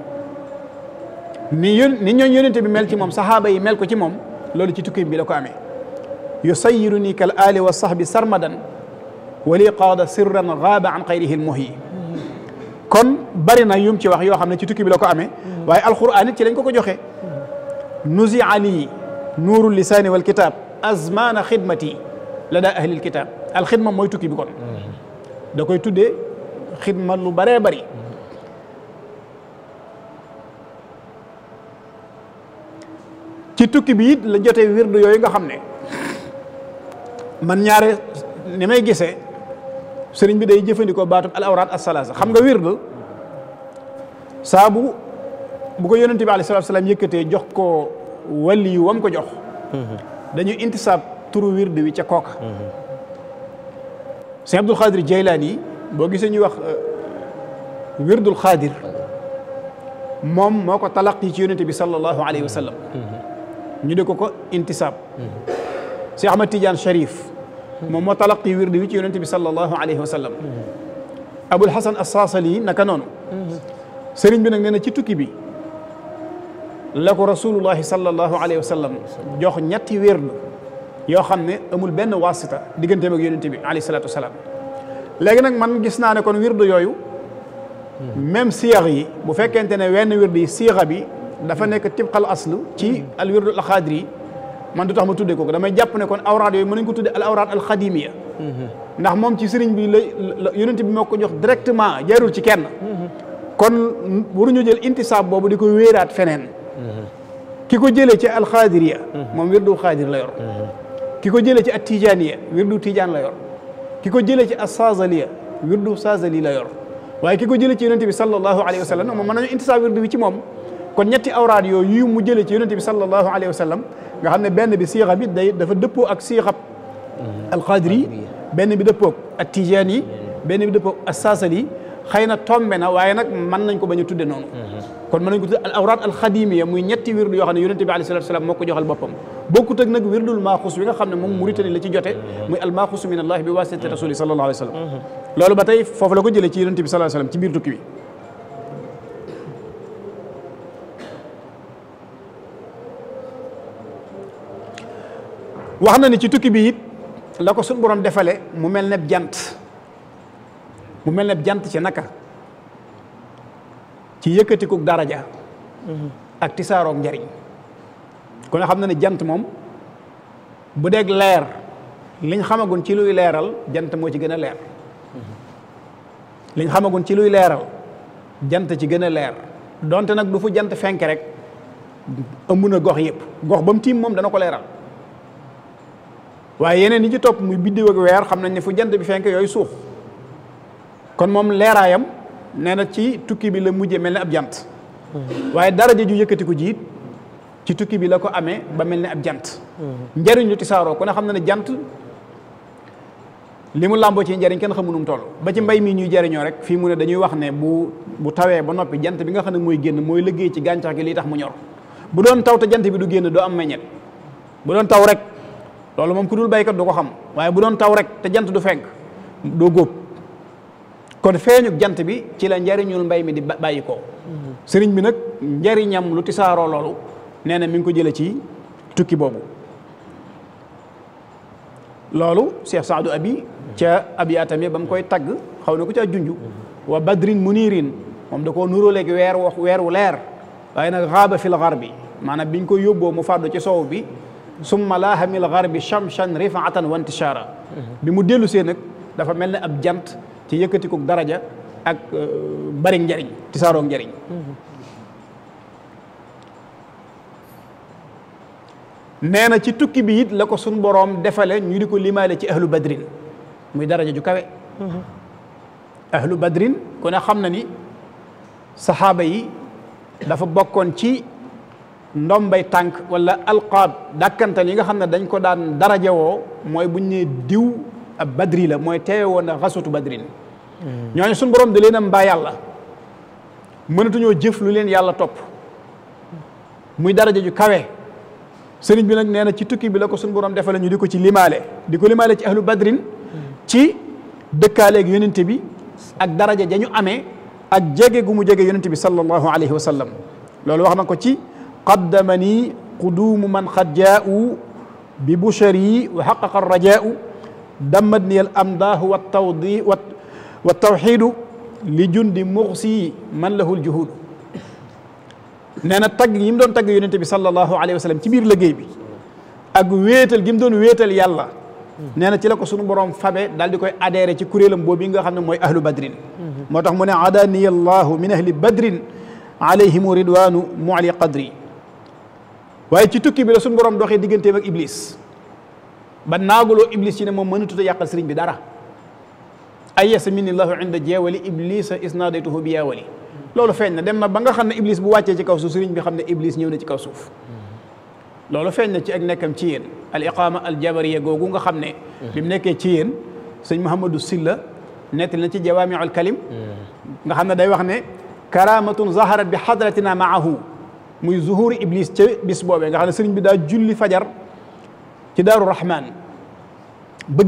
ni yón ni ñooñ yonente bi mel ci moom saxaaba yi mel ko ci moom loolu ci tukkim bi la ko amee yusayiru ni kal ali wa sahbi sarmadan wali qaada sirran gaaba an xayrihi lmuhyi kon bari na yum ci wax yoo xam ne ci tukki bi la ko amee waaye alquran it ci lañ ko ko joxe nusi ali nuuru lisaani wal kitaab azmaana xidmati la daa ahlil kitaab alxidma mooy tukki bi kon da koy tuddee xidma lu baree bari ci tukki bi it la jotee wirdu yooyu nga xam ne man ñaare ni may gise sëriñ bi day jëfandikoo baatub al awraat as salaasa xam nga wirdu saabu bu bu ko yonente bi alayhi yëkkatee jox ko wali yu wam ko jox dañuy intisaab turu wirdu wi ca kooka mm-hmm. sëñ Abdul Xaadir Jaylaani boo gisee ñuy wax euh, wirdul xaadir moom moo ko talaqi ci yonente bi sallallahu alayhi wa mm-hmm. ñu di ko ko intisaab si mm-hmm. ma Tidiane Sharif mm-hmm. moom moo talaqi wirdu wi ci yonente bi sallallahu alayhi wa sallam Abul Hasan As-Saasali naka bi nag nee na ci tukki bi ko rasulullahi sallallahu alayhi wa sallam jox ñetti wirdu yoo xam ne amul benn wasita digganteem ak yonente bi alayhi salaatu wasalaam léegi nag man gis naa ne kon wirdu yooyu même siyax yi bu fekkente ne wenn wirdu yi siyaxa bi dafa nekk tibqal aslu ci al wirdu al xaadir yi man du tax ma tuddee ko damay jàpp ne kon awraat yooyu mën nañ ko tuddee al awraat al xadimiya ndax moom ci sëriñ bi la yonent bi moo ko jox directement jarul ci kenn kon waruñu jël intisaab boobu di ko wéeraat feneen ki ko jële ci al xaadiriya moom wirdu xaadir la yor ki ko jëlee ci at tijaaniya wirdu tijaan la yor ki ko jëlee ci as-Sazaliya wirdu Sazali la yor waaye ki ko jëlee ci yonente bi sallallahu alayhi wa sallam moom mën nañu intisaa wirdu bi ci moom kon ñetti awraad yooyu yu mu jëlee ci yonente bi sallallahu alayhi wa sallam nga xam ne benn bi siixa bi day dafa dëppoo ak siixab alqadri benn bi dëppoo ak tijaan yi benn bi dëppoo ak xëy na tombe na waaye nag mën nañ ko bañ a tudde noonu kon mën nañ ko tudde al awraat al xadimiya muy ñetti wirdu yoo xam ne yonente bi alayhi salatu salaam moo ko joxal boppam ne moom muritani la jote muy al maaxus min allahi bi wasitati rasuli loolu ba tey foofu la ko jëlee ci yonente bi sallallahu alayhi wa sallam na ni ci tukki bi it la ko suñ borom defale mu mel ne jant mu mel ne jant ci naka ci yëkkatiku daraja ak tisaaroog njariñ kon xam na ne jant moom bu dee leer liñ xamagun ci luy leeral jant moo ci gën a leer liñ xamagun ci luy leeral jant ci gën a leer donte nag du fu jant fenk rek ëmb a gox yëpp gox ba mu tiim moom dana ko leeral waaye yeneen yi ci topp muy biddiw weer xam nañ ne fu jant bi fenk yooyu suuf kon moom leeraayam nee na ci tukki bi la mujjee mel ni ab jant waaye daraja ju yëkkati ko jiit ci tukki bi la ko amee ba mel ni ab jant njariñ lu tisaaroo ku ne xam na ne jant li mu làmboo ci njariñ kenn xamu nu mu ba ci mbay mii ñuy jariñoo rek fii mu ne dañuy wax ne bu bu tawee ba noppi jant bi nga xam ne mooy génn mooy liggéey ci gàncax gi lii tax mu ñor bu doon taw te jant bi du génn doo am meññet bu doon taw rek loolu moom ku dul baykat du ko xam waaye bu doon taw rek te jant du fenk doo góob kon feeñu jant bi ci la njariñul mbay mi di bàyyi ko sëriñ bi nag njariñam lu tisaaroo loolu nee na mi ngi ko jële ci tukki boobu loolu Cheikh Saadu Abi ca abiyaatam ba mu koy tagg xaw na ko caa junj wa badrin munirin moom da koo nuróoleeg weer wax weeru leer waaye nag xaaba fil garbi maanaam biñ koy yóbboo mu fàddu ci soow bi summa laaha mil garbi chamchan rifaatan wanti intishaara mhm. bi mu dellu see nag dafa mel ne ab jant ci yëkkatiku daraja ak euh, bari njariñ tisaaroog njariñ nee na ci tukki bi it la ko sun boroom defale ñu di ko limaale ci ahlu badrin muy daraja ju kawe ahlu badrin ku ne xam na ni saxaaba yi dafa bokkoon ci ndombay tànk wala alqaab dàkkantal yi nga xam ne dañ ko daan darajewoo mooy buñ ne diw ab badri la mooy teewe woon na xasutu badrin Mm. ñooñu suñu borom da leen a mbaa yàlla mënatuñoo jëf lu leen yàlla topp muy daraja ju kawe sëriñ bi nag nee na ci tukki bi la ko suñu borom defale ñu di ko ci limaale di ko limaale ci ahlu badrin mm. ci dëkkaaleeg yonent bi ak daraja ja ñu amee ak jege gu mu jege yonent bi sallallahu alayhi wa loolu wax na ko ci qaddamani quduumu man xad jaau bi bushari wa xaqaqa arrajaau dammat ni al amdaahu wa tawdi wa tawxiidu li jundi muxsi man lahul juhud nee na tagg yi mu doon tagg yonente bi sallallahu alayhi wa sallam ci biir liggéey bi ak wéetal gi mu doon wéetal yàlla nee na ci la ko sunu borom fabe daal di koy adhéré ci kuréelam boobu nga xam ne mooy ahlu badrin moo tax mu ne adaniya allahu min ahli badrin alayhimu ridwanu muali qadri waaye ci tukki bi la sunu borom doxee digganteem ak iblis ba naaguloo iblis ci ne moom mënatut a yàqal sëriñ bi dara ay yasa minillahu inda jeewali iblisa isnaadaytuhu bi yaawali loolu feeñ na dem na ba nga xam ne iblis bu wàccee ci kaw suuf sëriñ bi xam ne iblis ñëw na ci kaw suuf loolu feeñ na ci ak nekkam ci yéen al googu nga xam ne bi mu nekkee ci yéen sëñ Mouhamadou Silla nettali na ci jawaamiul kalim nga xam ne day wax ne karaamatun zaharat bi hadratina maahu muy zuhuru iblis ca bis boobee nga xam ne sëriñ bi daa julli fajar ci daaru rahman ba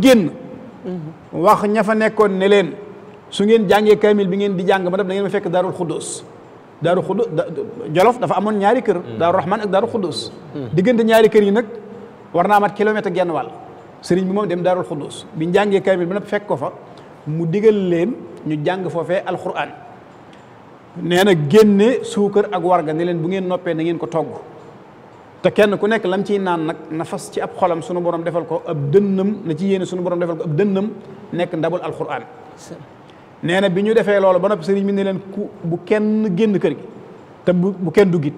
wax ña fa nekkoon ne leen su ngeen jàngee kaamil bi ngeen di jàng ma def da ngeen ma fekk daarul xudduus daaru xudduus jolof dafa amoon ñaari kër hmm. daaru rahman ak daaru xudduus hmm. diggante ñaari kër yi nag war naa mat kilomètre genn walla sëriñ bi moom dem daarul xudduus biñ jàngee kaamil ba fekk ko fa mu digal leen ñu jàng foofee alquran nee na génne suukar ak warga ne leen bu ngeen noppee na ngeen ko togg te kenn ku nekk lam ciy naan nag na fas ci ab xolam sunu borom defal ko ab dënnam na ci yéene sunu borom defal ko ab dënnam nekk ndabul alquran nee na bi ñu defee loolu ba noppi sëriñ mi ne leen ku bu kenn génn kër gi te bu bu kenn duggit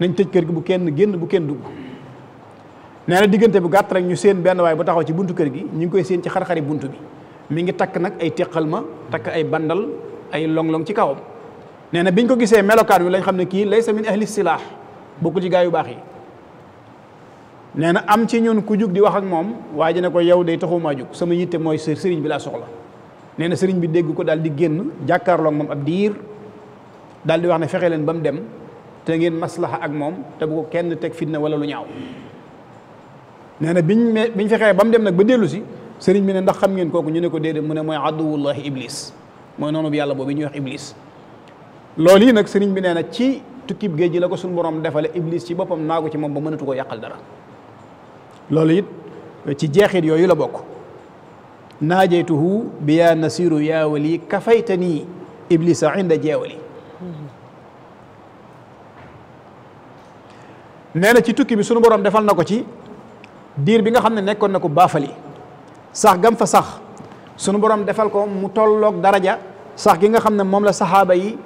nañ tëj kër gi bu kenn génn bu kenn dugg nee na diggante bu gàtt rek ñu seen benn waay bu taxaw ci buntu kër gi ñu ngi koy seen ci xar bunt buntu bi mi ngi takk nag ay teqal takk ay bandal ay long-long ci kawam nee na biñ ko gisee melokaan wi lañ xam ne kii laysa min ahli silaax bokkul ci gaa yu baax yi nee na am ci ñun ku jug di wax ak moom waa ji ne ko yow day maa jug sama yitte mooy sëriñ bi laa soxla neena na sëriñ bi dégg ko daal di génn jàkkaarloo ak moom ab diir daal di wax ne fexe leen ba mu dem te ngeen maslaxa ak moom te bu ko kenn teg fitna wala lu ñaaw nee na biñ me biñ fexe ba mu dem nag ba dellu si sëriñ bi ne ndax xam ngeen kooku ñu ne ko déedéet mu ne mooy aduwullahi iblis mooy noonu bi yàlla boobu ñu wax iblis loolu tukkib géej gi la ko suñu borom defale iblis ci boppam naagu ci moom ba mënatu koo yàqal dara loolu it ci jeexit yooyu la bokk naajeytuhu bi yaa nasiru yaa wali kafayta nii iblisa inda jeewali na ci tukki bi sunu borom defal na ko ci diir bi nga xam ne nekkoon na ko baafali sax gam fa sax sunu borom defal ko mu tolloog daraja sax gi nga xam ne moom la saxaaba yi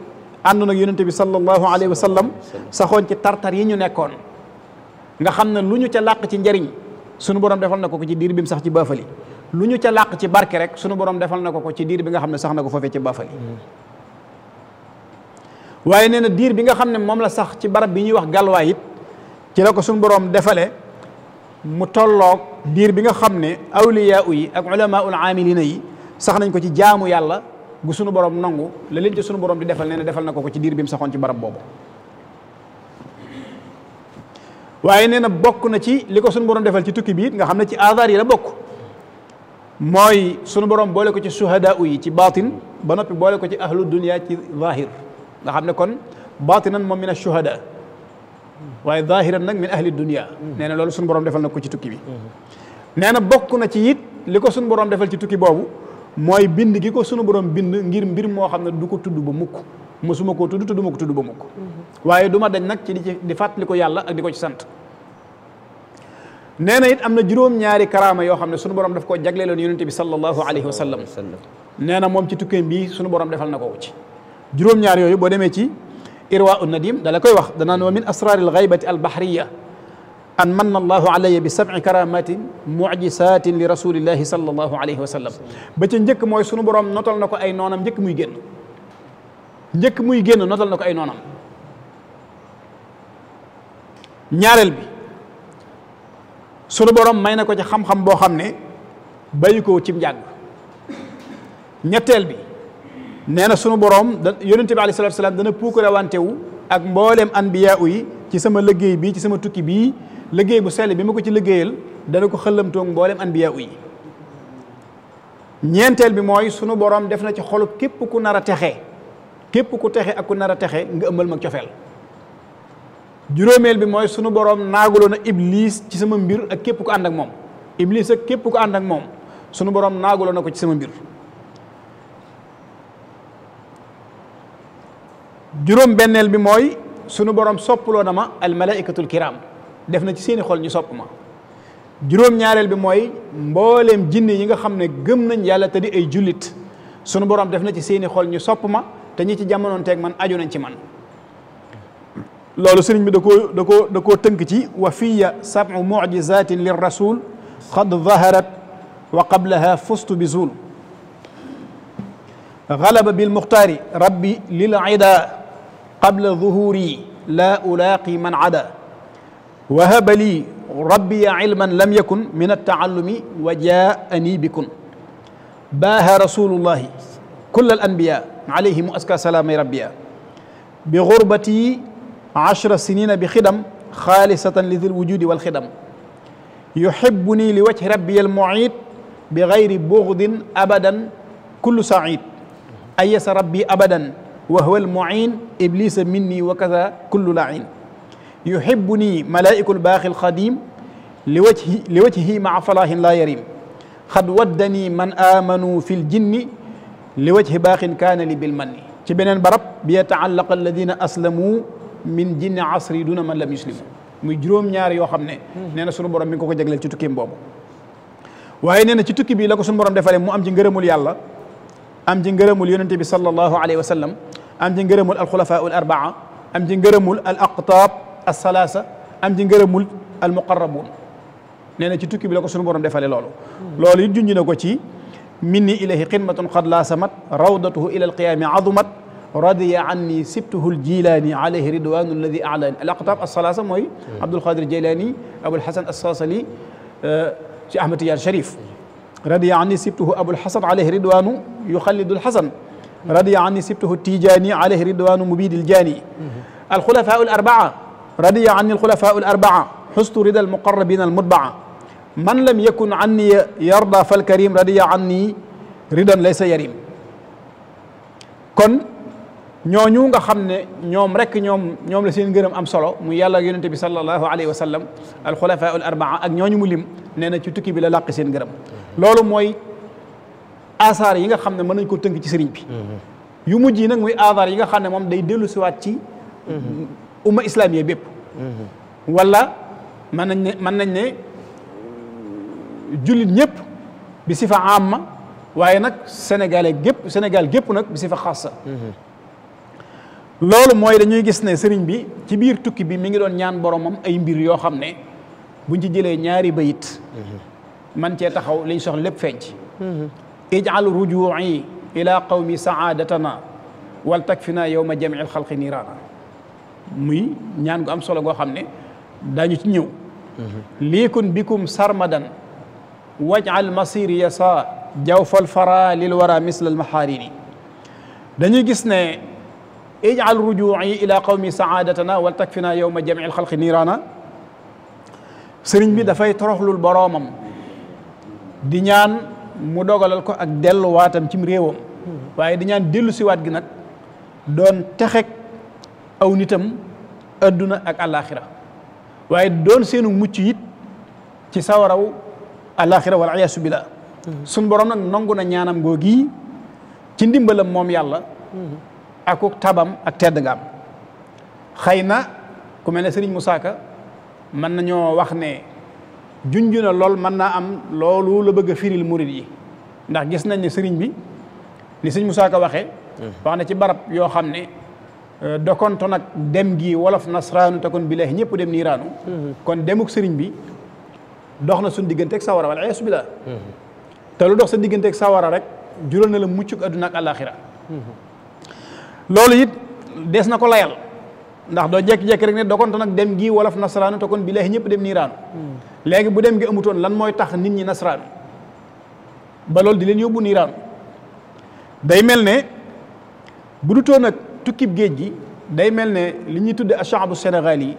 àndoon ak yonente bi sallallahu alayhi wa sallam saxoon ci tartar yi ñu nekkoon nga xam ne lu ñu ca làq ci njariñ sunu borom defal na ko ko ci diir bi mu sax ci baafali lu ñu ca làq ci barke rek sunu borom defal na ko ko ci diir bi nga xam ne sax na ko foofee ci baafali waaye nee na diir bi nga xam ne moom la sax ci barab bi ñuy wax galwaay it ci la ko sunu boroom defale mu tolloog diir bi nga xam ne awliyaa yi ak ulamaul aamilina yi sax nañ ko ci jaamu yàlla gu sunu borom nangu la leen ci sunu borom di defal nee na defal na ko ko ci diir bi saxoon ci barab boobu waaye nee na bokk na ci li ko sunu borom defal ci tukki bi nga xam ne ci azaar yi bokk mooy sunu borom boole ko ci suhadaa yi ci baatin ba noppi boole ko ci ahlu dunia ci zahir nga xam ne kon baatinan moom min ashuhada waaye zahiran nag min ahli dunia nee na loolu sunu borom defal na ko ci tukki bi mm-hmm. nee na bokk na ci it li sunu borom defal ci tukki boobu mooy bind ki ko sunu borom bind ngir mbir moo xam ne du ko tudd ba mukk suma koo tudd te du ma ko tudd ba mukk mhm. waaye du ma dañ nag ci di ci di fàttali ko yàlla ak di ko ci sant nee na am na juróom-ñaari karaama yoo xam ne sunu borom daf koo jagleeloon yonente bi sallallahu alayhi wa sallam nee na moom ci tukkeem bii sunu borom defal na ko ci juróom-ñaar yooyu boo demee ci irwa un nadim da koy wax danaan wa min asraril ghaybati al bahriya an manna allahu alayya bi sab'i karamatin mu'jisatin li rasulillahi sallallahu alayhi wa sallam ba ca njëkk mooy sunu borom notal na ko ay noonam njëkk muy génn njëkk muy génn notal na ko ay noonam ñaareel bi sunu borom may na ko ci xam-xam boo xam ne bàyyi ko cim njàng ñetteel bi nee na sunu borom da yonente bi alayhi salaatu wa salaam dana puukarewante wu ak mboolem anbiyaa yi ci sama liggéey bi ci sama tukki bii liggéey bu sell bi ma ko ci liggéeyal dana ko xëllamtoog mboolem anbiya yi ñeenteel bi mooy sunu borom def na ci xolu képp ku nar a texe képp ku texe ak ku nar a texe nga ëmbal mag cofeel juróomeel bi mooy sunu borom naaguloo na iblis ci sama mbir ak képp ku ànd ak moom iblis ak képp ànd ak moom sunu borom naaguloo na ko ci sama mbir juróom benneel bi mooy sunu borom soppuloon na ma al kiram def na ci seeni xol ñu sopp ma juróom-ñaareel bi mooy mboolem jinne yi nga xam ne gëm nañ yàlla te di ay jullit sunu borom def na ci seeni xol ñu sopp ma te ñi ci jamonoon teeg man aju nañ ci man loolu sëriñ bi da koo da koo da koo tënk ci wa fiya sab'u mu'jizatin lir rasul qad zaharat wa qablaha fustu bi zuul galaba bil muxtaari rabbi lil ida qabla zuhuri la ulaaqi man ada wahaba lii rabbi ilman lam yakun min attaallumi wa jaani bikun baaha rasulullahi kulla al anbiya alayhimu aska salaamay rabbiya bi gurbati ashra sinina bi xidam xaalisatan li dil wujudi wal xidam yuhibbuni li wajhi rabbi al muid bi gayri bugdin abadan kullu said ayasa rabbi abadan wa huwa al muin iblisa minni wa kaza kullu lain yuhibbuni malaa'ikul baaxil xadiim li wajhi li wajhi maa falaahin laa yarim xad waddani man aamanu fil jinni li wajhi baaxin kaana li bil manni ci beneen barab bi yataallaq alladina aslamu min jinni asri duna man lam yuslimu muy juróom-ñaar yoo xam ne nee na sunu borom mi ngi ko ko jagleel ci tukkim boobu waaye nee na ci tukki bi la ko sunu borom defalee mu am ci ngërëmul yàlla am ci ngërëmul yonente bi sallallahu alayhi wa sallam am ci ngërëmul alxulafaa al arbaa am ci ngërëmul al aqtaab asalaasa am ci ngërëmul almuqarrabuun nee na ci tukki bi la ko sunu borom defale loolu loolu it junj na ko ci minni ilayhi xidmatun qad laasamat rawdatuhu ila alqiyaami adumat radiya anni sibtuhu aljilaani alayhi ridwanu alladi alaani al aqtaab asalaasa mooy abdulqadir jeylaani abulhasan assaasali eh, ci ahmad tijaan sharif radiya anni sibtuhu abulhasan alayhi ridwanu yuxallidu alhasan radiya anni sibtuhu tijaani alayhi ridwanu mubidil jaani alxulafaa al arbaa radiya anni alxulafa al arbaa xustu rida almuqarrabina almutbaa man lam yakun anni yarda falkarim radiya anni ridan laysa yarim kon ñooñu nga xam ne ñoom rek ñoom ñoom la seen ngërëm am solo mu yàlla ak yonente bi sallallahu alayhi wa sallam alxulafa al arbaa ak ñooñu mu lim nee na ci tukki bi la làqi seen ngërëm loolu mooy asaar yi nga xam ne mën nañ ko tënk ci sëriñ bi mm-hmm. yu mujj yi nag muy asaar yi nga xam ne moom day dellu siwaat ci mm-hmm. umma islamiya bépp wala mën nañ ne mën nañ ne jullit ñëpp bi sifa amma waaye nag sénégalais gépp sénégal gépp nag bi sifa xassa loolu mooy dañuy gis ne sëriñ bi ci biir tukki bi mi ngi doon ñaan boromam ay mbir yoo xam ne bu ci jëlee ñaari bayit man cee taxaw liñ soxla lépp feeñ ci ijal ruju'i ila qawmi saadatana wal takfina yawma jamiil xalqi niiraana muy ñaan gu am solo goo xam ne daañu ci ñëw liikun bikum sarmadan wajal masir yasa jawfal fara lil wara misla al maharini dañuy gis ne ijal rujuu'i ila qawmi saadatana wal takfina yowma jamii al xalqi niiraana sëriñ bi dafay toroxlul boroomam di ñaan mu dogalal ko ak delluwaatam cim réewam waaye di ñaan dellu siwaat gi nag doon texek aw nitam adduna ak àllaaxira waaye doon seenu mucc yit ci sawaraw àllaaxira wala ayaasu billah suñ borom nag nangu na ñaanam googi ci ndimbalam moom yàlla aku tabam ak tedd nga am xëy na ku mel ne Serigne Moussa Ka mën nañoo wax ne junju na lool mën naa am loolu la bëgg a firil murid yi ndax gis nañ ne sëriñ bi li Serigne Moussa Ka hmm. wax na ci barab yoo xam ne Euh, dokonto nag dem gi wolof nasaraanu te kon billahi ñëpp dem niiraanu mhm. kon demuk sëriñ bi dox na suñ diggante sawara wala ayaasu billah mhm. te lu dox sa digganteek sawara rek jural na la muccuk adduna ak àllaaxira mhm. loolu it des na ko layal ndax doo jekki-jekki rek ne dokonto nag dem gi wolof nasraanu te kon billahi ñëpp dem niiraanu léegi bu dem gi amutoon lan mooy tax nit ñi nasraanu ba loolu di leen yóbbu niiraanu day mel ne bu nag tukkib géej gi day mel ne li ñuy tudde achabu sénégal yi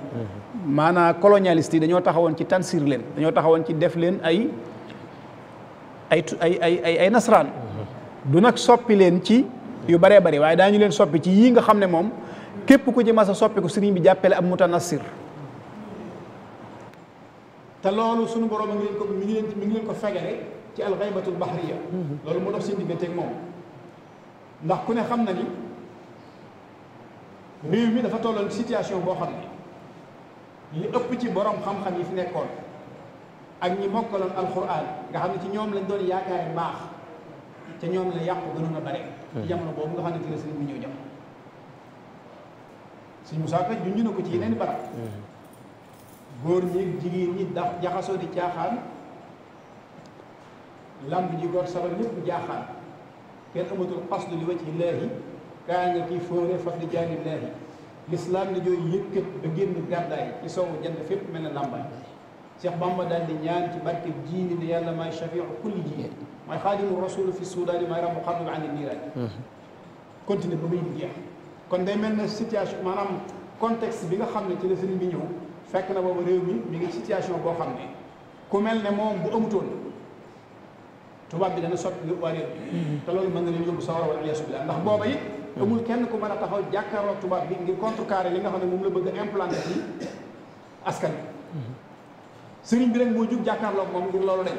maanaam colonialiste yi dañoo taxawoon ci tansir leen dañoo taxawoon ci def leen ay ay ay ay ay ay nasraan du nag soppi leen ci yu baree bari waaye ñu leen soppi ci yii nga xam ne moom képp ku ci mas a soppi ko sëriñ bi jàppale ab mutanassir te loolu sunu borom mi ngi leen ko mi ngi leen mi ngi leen ko fegere ci alxaybatul bahriya mm-hmm. loolu moo dox seen moom ndax ku ne xam na ni réew mi dafa tolloon situation boo xam ne li ëpp ci boroom xam-xam yi fi nekkoon ak ñi mokkaloon alxuraan nga xam ne ci ñoom lañ doon yaakaar baax te ñoom la yàqu gënoon a bare hmm. ci jamono boobu nga xam ne ci la sëriñ bi ñëw jam suñ Musaa Ka junj na ko ci yeneen barab hmm. góor ñi jigéen ñi dax jaxasoo di caaxaan lamb ji góor sabal ñëpp jaaxaan kenn amatul xasdu li wacc yi kaa nga kii fóore fas di jaani laahi lislaam ni jooyu yëkkat ba génn gàddaay ci soowu jant fépp mel na làmbaay Cheikh Bamba daal di ñaan ci barke jiini ne yàlla maay shafiu kulli jiin maay xaadimu rasul fi soudaani maay ramu xarnul ani niiraan mm-hmm. continuer ba muy kon day mel ne situation maanaam bi nga xam ne ci la bi ñëw fekk na boobu réew mi mi ngi situation boo xam ne ku mel ne moom bu amutoon tubaab bi dana sotti lu waa réew mm-hmm. te loolu mën na leen yóbbu sawara wala iyaasu billah ndax booba amul kenn ku mën a taxaw jàkkaarloog tubaab bi ngir contrecarrer li nga xam ne moom la bëgg a implanter ci askan bi sëriñ bi nag moo jug jàkkaarloog moom ngir loolu dañ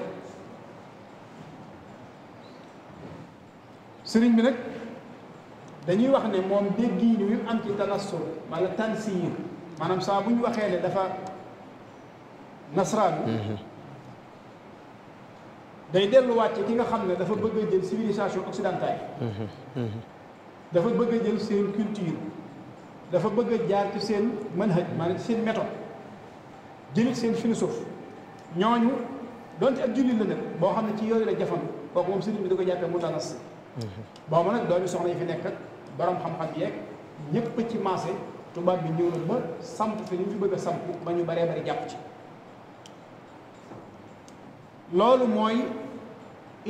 sëriñ bi nag dañuy wax ne moom déggiin wi am ci tanassur wala tansiir maanaam saa bu ñu waxee ne dafa nasraan day delluwaat ci ki nga xam ne dafa bëgg a jël civilisation occidentale dafa bëgg a jël seen culture dafa bëgg jaar ci seen man maanaam ci seen méthode jëlit seen philosophe ñooñu donte ak jullit la nag boo xam ne ci yooyu la jafandu kooku moom sëriñ bi da ko jàppee mu danas boobu nag doomi soxna yi fi nekk ak borom xam-xam yeeg ñëpp ci maase tubaab bi ñëw na ba samp fi ñu fi bëgg a samp ba ñu baree bari jàpp ci loolu mooy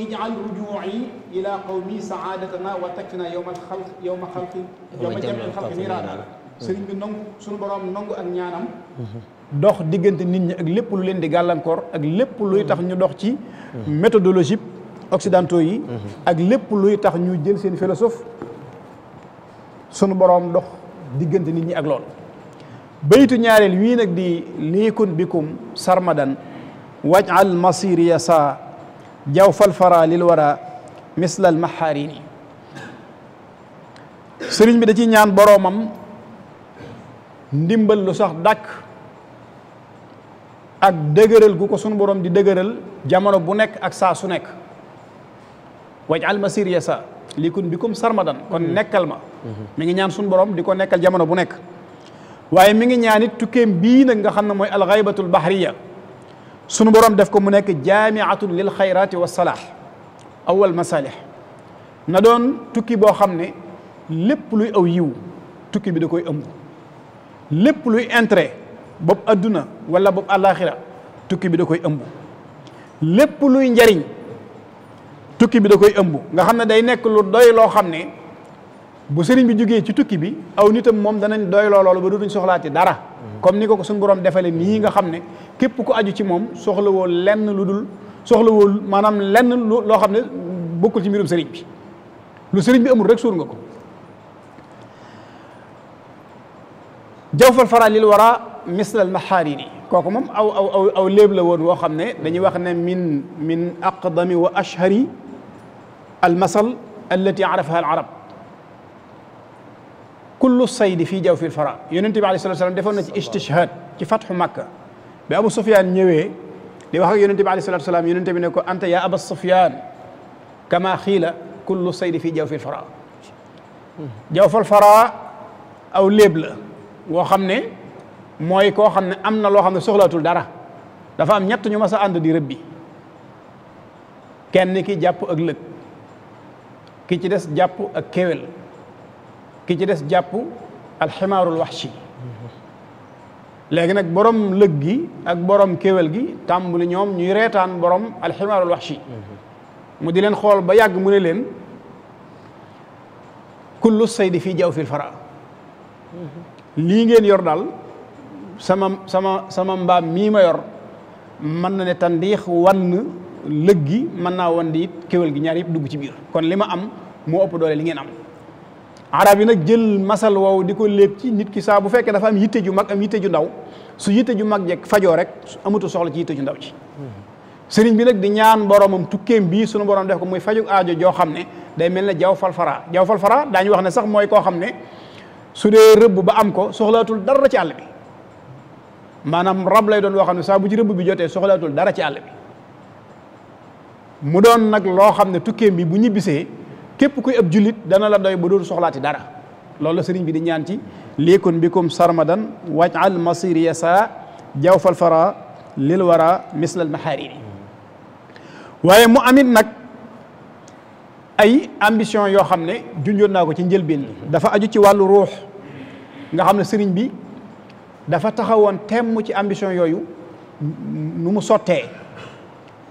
ijal rujuu'i ila qawmi saadatana wa takfina yowma alxalq yowma xalqi yowma jamil xalqi niiraana sëriñ bi nangu suñu borom nangu ak ñaanam mhm. dox diggante nit ñi ak lépp lu leen di gàllankoor ak lépp luy tax ñu dox ci mhm. méthodologie occidentaux yi mhm. ak lépp luy tax ñu jël seen philosophe sunu boroom dox diggante nit ñi ak lool baytu ñaareel wii nag di liikun bikum sarmadan wajal masir ya sa jaw falfara lil wara mislal maxaarini sëriñ bi da ci ñaan boroomam ndimbal lu sax dàkk ak dëgëral gu ko sunu borom di dëgërël jamono bu nekk ak saa su nekk wajal ma siriyasa likun bikum sarmadan kon mm-hmm. nekkal ma mm-hmm. mi ngi ñaan sunu borom di ko nekkal jamono bu nekk waaye mi ngi ñaan it tukkeem bii nag nga xam ne mooy alxaybatul bahriya sunu borom def ko mu nekk jaamiatun lil xayraati wa salaax awal masaalix na doon tukki boo xam ne lépp luy aw yiw tukki bi da koy ëmb lépp luy intérêt boobu adduna wala boobu àllaaxira tukki bi da koy ëmb lépp luy njariñ tukki bi da koy ëmb nga xam ne day nekk lu doy loo xam ne bu sëriñ bi jógee ci tukki bi aw nitam moom danañ doyloo loolu ba dootuñ soxlaati dara comme ni ko ko suñu borom defale nii nga xam ne képp ko aju ci moom soxlawoo lenn lu dul soxlawoo maanaam lenn lu loo xam ne bokkul ci mbirum sëriñ bi lu sëriñ bi amul rek suur nga ko jawfal fara lil wara mislal maxaarini kooku moom aw aw aw aw la woon woo xam ne dañuy wax ne min min aqdami wa ashhari al masal allati arafaha al arab kullu saydi fii jaw fil fara yonente bi alayhi salatu salaam defoon na ci istishhad ci fatxu makka bi abu sufyaan ñëwee di wax ak yonente bi alayhi ne ko anta ya aba sufyaan saydi fii jaw fil léeb la woo xam ne mooy koo xam ne am na loo xam ne soxlaatul dara dafa am ñett ñu mas a ànd di rëbbi kenn ki jàpp ak lëg ki ci des jàpp ak kéwél ki ci des jàpp alximaarul waxshi léegi nag boroom lëg gi ak boroom kéwél gi tàmbuli ñoom ñuy reetaan boroom alximaarul waxshi mu di leen xool ba yàgg mu ne leen kullu saydi fii jaw fil fara lii ngeen yor daal sama sama sama mbaam mii ma yor mën na ne tandiix wann lëg gi mën naa wan di kéwél gi ñaar yëpp dugg ci biir kon li ma am moo ëpp doole li ngeen am arab yi nag jël masal wow di ko léeb ci nit ki saa bu fekkee dafa am yitte ju mag am yitte ju ndaw su yitte ju mag jekk fajoo rek amatu soxla ci yitte ju ndaw ci sëriñ bi nag di ñaan boromam tukkeem bii sunu borom def ko muy faju aajo joo xam ne day mel ne jaw falfara jaw falfara daañu wax ne sax mooy koo xam ne su dee rëbb ba am ko soxlaatul dara ci àll bi maanaam rab lay doon woo xam ne saa bu ci rëbb bi jotee soxlaatul dara ci àll bi mu doon nag loo xam ne tukkeem bi bu ñibbisee képp kuy ab jullit dana la doy ba dootu soxlaati dara loolu la sëriñ bi di ñaan ci liikun bikum sarmadan wajal masir yasa jawfal fara lil wara mislal mahariri waaye mu amit nag ay ambition yoo xam ne junjoon naa ko ci njëlbin dafa aju ci wàllu ruux nga xam ne sëriñ bi dafa taxawoon temm ci ambition yooyu nu mu sottee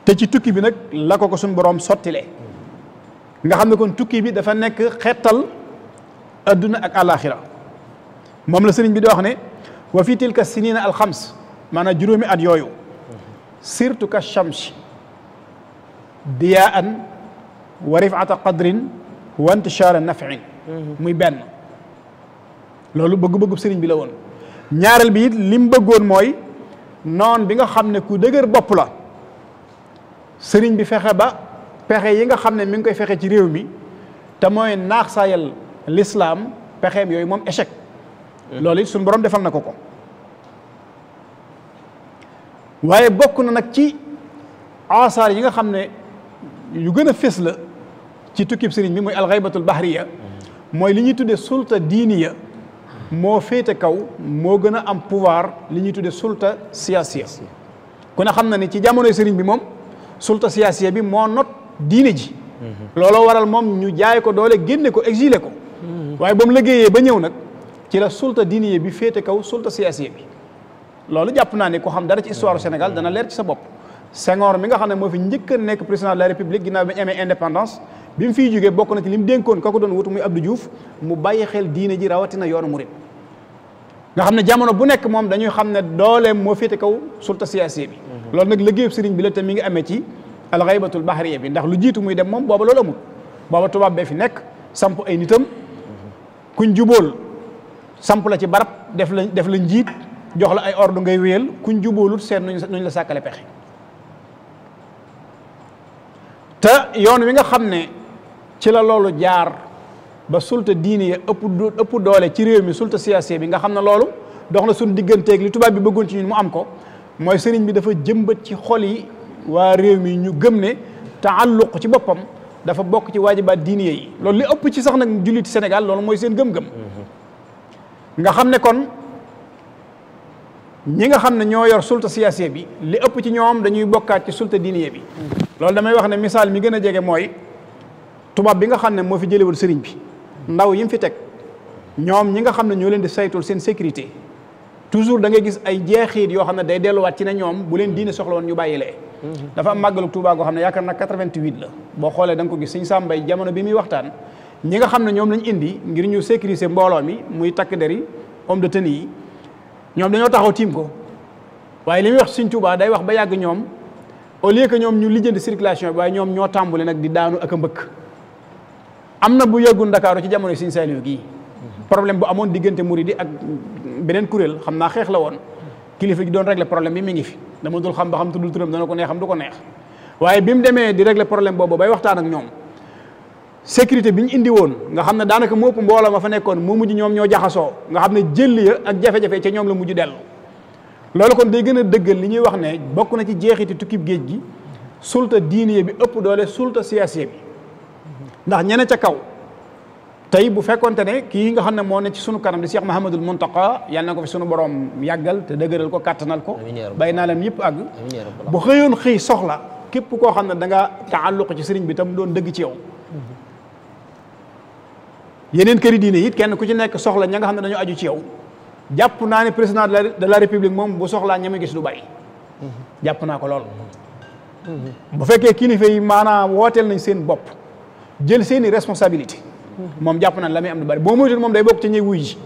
te ci tukki bi nag la ko ko suñ boroom nga xam ne kon tukki bi dafa nekk xetal adduna ak àlaxira moom la sëriñ bi di wax ne wa fi tilka sinina alxams maanaam juróomi at yooyu sirtu ka chamsi diyaan wa rifata qadrin wa intichara nafin muy benn loolu bëgg-bëggu sëriñ bi la woon ñaareel bi it li bëggoon mooy noon bi nga xam ne ku dëgër bopp la sëriñ bi fexe ba pexe yi nga xam ne mi ngi koy fexe ci réew mi te mooy naax saayal lislaam pexeem yooyu moom échec loolu it suñu borom defal na ko ko waaye bokk na nag ci asaar yi nga xam ne yu gën a fés la ci tukkib sëriñ bi mooy alxaybatul bahriya mooy li ñuy tuddee sulta diiniya moo féete kaw moo gën a am pouvoir li ñuy tuddee sulta siyaasiya ku ne xam na ni ci jamonoy sëriñ bi moom sulta siyaasiya bi moo not diine ji mhm. looloo waral moom ñu jaay ko doole génne ko exilé ko mhm. waaye ba mu liggéeyee ba ñëw nag ci la sulta diiniye bi féete kaw sulta siyaasiye bi loolu jàpp naa ne ko xam dara ci histoire mhm. Sénégal dana leer ci sa bopp Senghor mi nga xam ne moo fi njëkk a nekk président de la république ginnaaw bi ñu amee indépendance bi mu fiy jógee bokk na ci li mu dénkoon ka ko doon wutu muy Abdou Diouf mu bàyyi xel diine ji rawatina yoonu mu murit nga xam ne jamono bu nekk moom dañuy xam ne dooleem moo féete kaw sulta bi mi ngi amee ci alxaybatul bahriya bi ndax lu jiitu muy dem moom booba loolu amul booba tubaab bee fi nekk samp ay nitam kuñ jubóol samp la ci barab def la def la njiit jox la ay ordre ngay wéyal kuñ jubóolut seet nuñ la sàkkale pexe te yoon wi nga xam ne ci la loolu jaar ba sulta diine ya ëpp ëpp doole ci réew mi sulta siyaase bi nga xam ne loolu dox na sun digganteeg li tubaab bi bëggoon ci ñun mu am ko mooy sëriñ bi dafa jëmbat ci xol yi waa réew mi ñu gëm ne te taalluq ci boppam dafa bokk ci waajibaat diine yi loolu li ëpp ci sax nag jullit Sénégal loolu mooy seen gëm-gëm nga xam ne kon ñi nga xam ne ñoo yor sulta siyaase bi li ëpp ci ñoom dañuy bokkaat ci sulta diine bi loolu damay wax ne misaal mi gën a jege mooy tubaab bi nga xam ne moo fi jëlewul sëriñ bi ndaw yi mu fi teg ñoom ñi nga xam ne ñoo leen di saytul seen sécurité toujours da gis ay jeexiit yoo xam ne day delluwaat ci ne ñoom bu leen diine soxla woon ñu bàyyi lee dafa am màggalu Touba goo xam ne yaakaar na 88 la boo xoolee da nga ko gis sëñ Sam Mbaye jamono bi muy waxtaan ñi nga xam ne ñoom lañu indi ngir ñu sécuriser mbooloo mi muy takk der om homme de tenue yi ñoom dañoo taxaw tiim ko waaye li muy wax sëñ Touba day wax ba yàgg ñoom au lieu que ñoom ñu lijjanti circulation bi waaye ñoom ñoo tàmbali nag di daanu ak a mbëkk am na bu yëgul Ndakaaru ci jamono sëñ Saliou gii problème bu amoon diggante murid yi ak beneen kuréel xam naa xeex la woon kilifa gi doon régler problème bi mi ngi fi dama dul xam ba xam tuddul turam dana ko neex xam du ko neex waaye bi mu demee di régler problème boobu bay waxtaan ak ñoom sécurité bi ñu indi woon nga xam ne daanaka moo ëpp mbooloo ma fa nekkoon moo mujj ñoom ñoo jaxasoo nga xam ne jëlli ya ak jafe-jafe ca ñoom la mujj dellu loolu kon day gën a dëggal li ñuy wax ne bokk na ci jeexiti tukkib géej gi sulta diiniye bi ëpp doole sulta siyaasiye bi ndax ñene ca kaw tey bu fekkonte ne kii nga xam ne moo ne ci sunu kanam di Cheikh Mahamadul Muntaqa yàlla na ko fi sunu boroom yàggal te dëgëral ko kàttanal ko bay naa leen yëpp àgg bu xëyoon xëy soxla képp koo xam ne da nga taalluq ci sëriñ bi tam doon dëgg ci yaw yeneen këri diine it kenn ku ci nekk soxla ña nga xam ne dañu aju ci yow jàpp naa ne président de la république moom bu soxlaa ña muy gis du bari jàpp naa ko lool mm-hmm. bu fekkee kilifa yi maanaam wooteel nañ seen bopp jël seeni responsabilité moom jàpp na la am du bari boo moytuwul moom day bokk ci ñuy wuy ji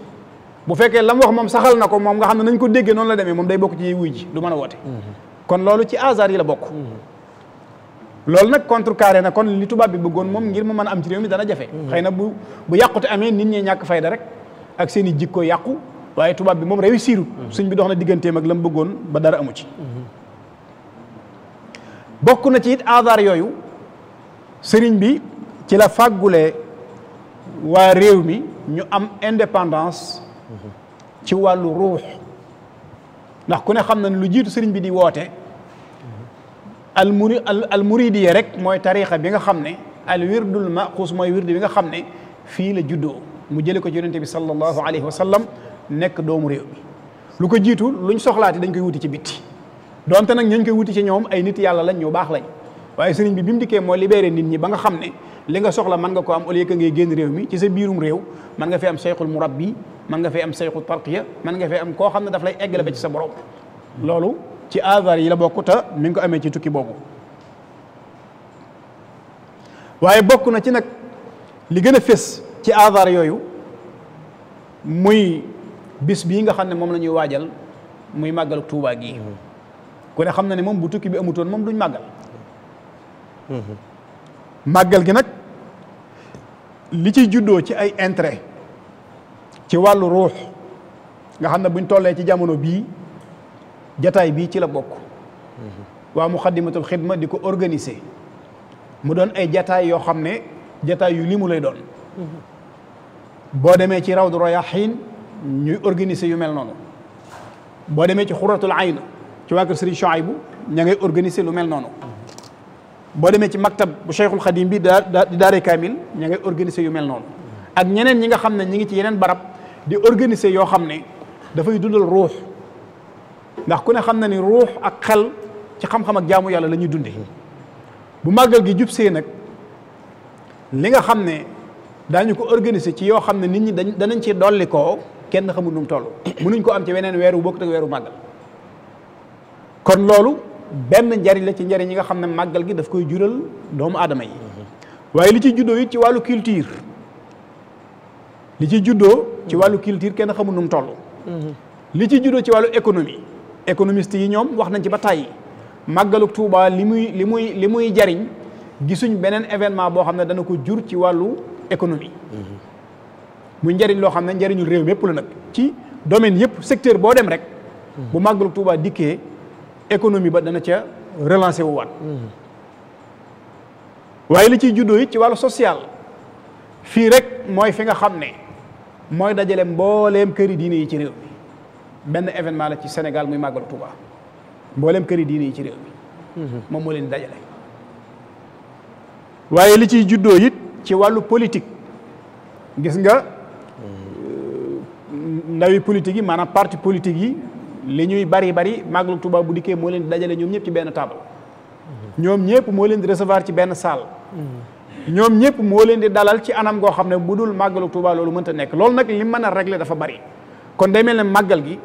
bu fekkee lam wax moom saxal na ko moom nga xam ne nañ ko déggee noonu la demee moom day bokk ci ñuy wuy ji du mën a woote kon loolu ci hasard yi la bokk loolu nag contrecarré na kon li tubaab bi bëggoon moom ngir mu mën a am ci réew mi dana jafe xëy na bu bu yàqute amee nit ñi ñàkk fayda rek ak seen i jikko yàqu waaye tubaab bi moom réussir suñ bi dox na digganteem ak la bëggoon ba dara amu ci bokk na ci it hasard yooyu sëriñ bi ci waa réew mi ñu am indépendance ci wàllu ruux ndax ku ne xam na ne lu jiitu sëriñ bi di woote al muri al muridiya rek mooy tarixa bi nga xam ne al wirdul maxuus mooy wirdu bi nga xam ne fii la juddoo mu jële ko ci yonente bi sallallahu alayhi wa sallam nekk doomu réew mi lu ko jiitu luñ soxlaati dañ koy wuti ci bitti donte nag ñañ koy wuti ci ñoom ay nit yàlla lañ ñu baax lañ waaye sëriñ bi bi mu dikkee mooy libéré nit ñi ba nga xam ne li nga soxla mën nga ko am au lieu que ngay génn réew mi ci sa biirum réew man nga fi am sayxul murabbi mën nga fi am sayxul tarqiya man nga fi am koo xam ne daf lay eggale ba ci sa borom loolu ci azar yi la bokk te mi ngi ko amee ci tukki boobu waaye bokk na ci nag li gën a fés ci azar yooyu muy bis bii nga xam ne moom la ñuy waajal muy màggalu Tuubaa gi mhm. ku xam na ne moom bu tukki bi amutoon moom duñ màggal mhm. màggal gi nag li ci juddoo ci ay intérêt ci wàllu ruux nga xam ne buñ tollee ci jamono bii jataay bii ci la bokk waa Muxaddamatul Xidma di ko organiser mu doon ay jataay yoo xam ne jataay yu mu lay doon boo demee ci Rawdu Rayaahiin ñuy organiser yu mel noonu boo demee ci Xuratul na ci waa kër Sëriñ Shuaybu ña ngay organiser lu mel noonu boo demee ci maktab bu Cheikhul Khadim bi daa di daaree kaamil ña ngay organiser yu mel noonu ak ñeneen ñi nga xam ne ñi ngi ci yeneen barab di organiser yoo xam ne dafay dundal ruux ndax ku ne xam na ni ruux ak xel ci xam-xam yàlla la dunde bu màggal gi jub see nag li nga xam ne daañu ko organiser ci yoo xam ne nit ñi dañ danañ ci dolli koo kenn xamul nu mu toll mënuñ ko am ci weneen weeru wu bokk ak weeru màggal kon loolu benn njariñ la ci njariñ yi nga xam ne màggal gi dafa koy jural doomu aadama yi waaye li ci juddoo it ci wàllu culture li ci juddoo ci wàllu culture kenn xamu nu mu toll li ci juddoo ci wàllu économie économiste yi ñoom wax nañ ci ba tàyyi màggalu Tuuba li muy li muy li muy jariñ gisuñ beneen événement boo xam ne dana ko jur ci wàllu économie mu njariñ loo xam ne njariñul réew mépp la nag ci domaine yëpp secteur boo dem rek bu màggalu Tuuba dikkee économie ba dana ca relancer wu waat waaye li ciy juddoo it ci wàllu social fii rek mooy fi nga xam ne mooy dajale mbooleem këri diine yi ci réew mi benn événement la ci Sénégal muy màggalu Touba mbooleem këri diine yi ci réew moom moo leen dajale waaye li ciy juddoo it ci wàllu politique gis nga euh, ndawi politique yi maanaam parti politique yi li ñuy bari bari màggalu Tuubaa bu dikkee moo leen di dajale ñoom ñëpp ci benn table ñoom ñëpp moo leen di recevoir ci benn salle ñoom ñëpp moo leen di dalal ci anam goo xam ne bu dul màggalu Tuubaa loolu mënta nekk loolu nag li mën a régler dafa bari kon day mel màggal gi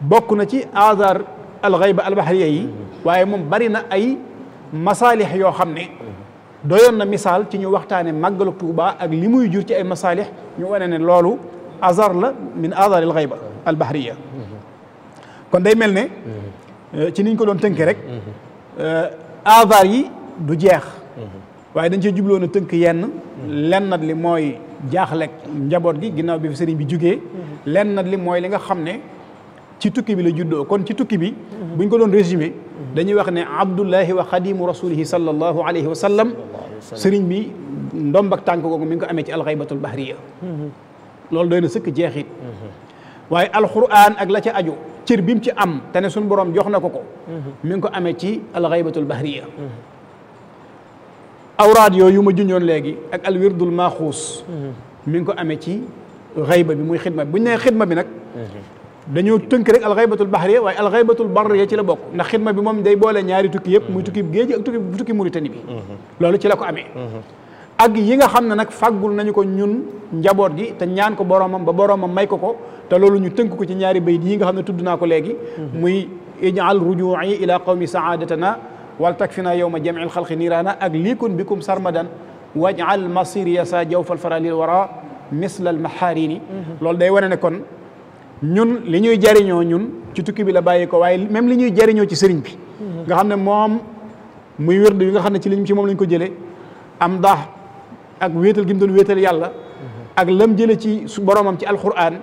bokk na ci azar alxayba albahriya yi waaye moom bari na ay masaalix yoo xam ne doyoon na misaal ci ñu waxtaane màggalu Tuubaa ak li muy jur ci ay masaalix ñu wane ne loolu azar la min azar alxayba albahriya kon day mel ne mhm. euh, ci niñ ko doon tënkee rek mhm. euh, avare yi du jeex mhm. waaye dañ cee jubloo na tënk yenn lennat li mooy jaaxleeg njaboot gi ginnaaw bi fi sëriñ bi jugee lennat li mooy li nga xam ne ci tukki bi la juddoo kon ci tukki bi buñ ko doon résumé dañuy wax ne abdullahi wa xadimu rasulihi sallallahu alayhi wa sallam sëriñ bi ndomb ak tànk googu mi ngi ko amee ci alxaybatul bahriya loolu doy na sëkk jeexit waaye alquran ak la ca aju cër bi mu ci am te ne suñu borom jox na ko ko mhm. mi ngi ko amee ci alxaybatul bahriya mhm. awraad yooyu yu ma junjoon léegi ak alwirdul maaxuus mhm. mi ngi ko amee ci xayba bi muy xidma bi bu ñu nee xidma bi nag dañoo tënk rek alxaybatul bahriya waaye alxaybatul barriya ci la bokk ndax xidma bi moom day boole ñaari tukki yëpp muy tukki géej ak tukki tukki Muritani bi loolu ci la ko amee ak yi nga xam ne nag fàggul nañu ko ñun njaboot gi te ñaan ko boromam ba boromam may ko ko te loolu ñu tënk ko ci ñaari bayit yi nga xam ne tudd naa ko léegi muy ijal ruju'i ila qawmi saadatana wal takfina yawma jam'il xalqi niiraana ak liikun bikum sarmadan wajal masiriya sa jawfal faralil wara mislal maharini loolu day wane ne kon ñun li ñuy jariñoo ñun ci tukki bi la bàyyi ko waaye même li ñuy jariñoo ci sëriñ bi nga xam ne moom muy wérdu yi nga xam ne ci liñ ci moom lañ ko jëlee am daax ak wéetal gi mu doon wéetal yàlla ak lam jële ci boromam ci alquran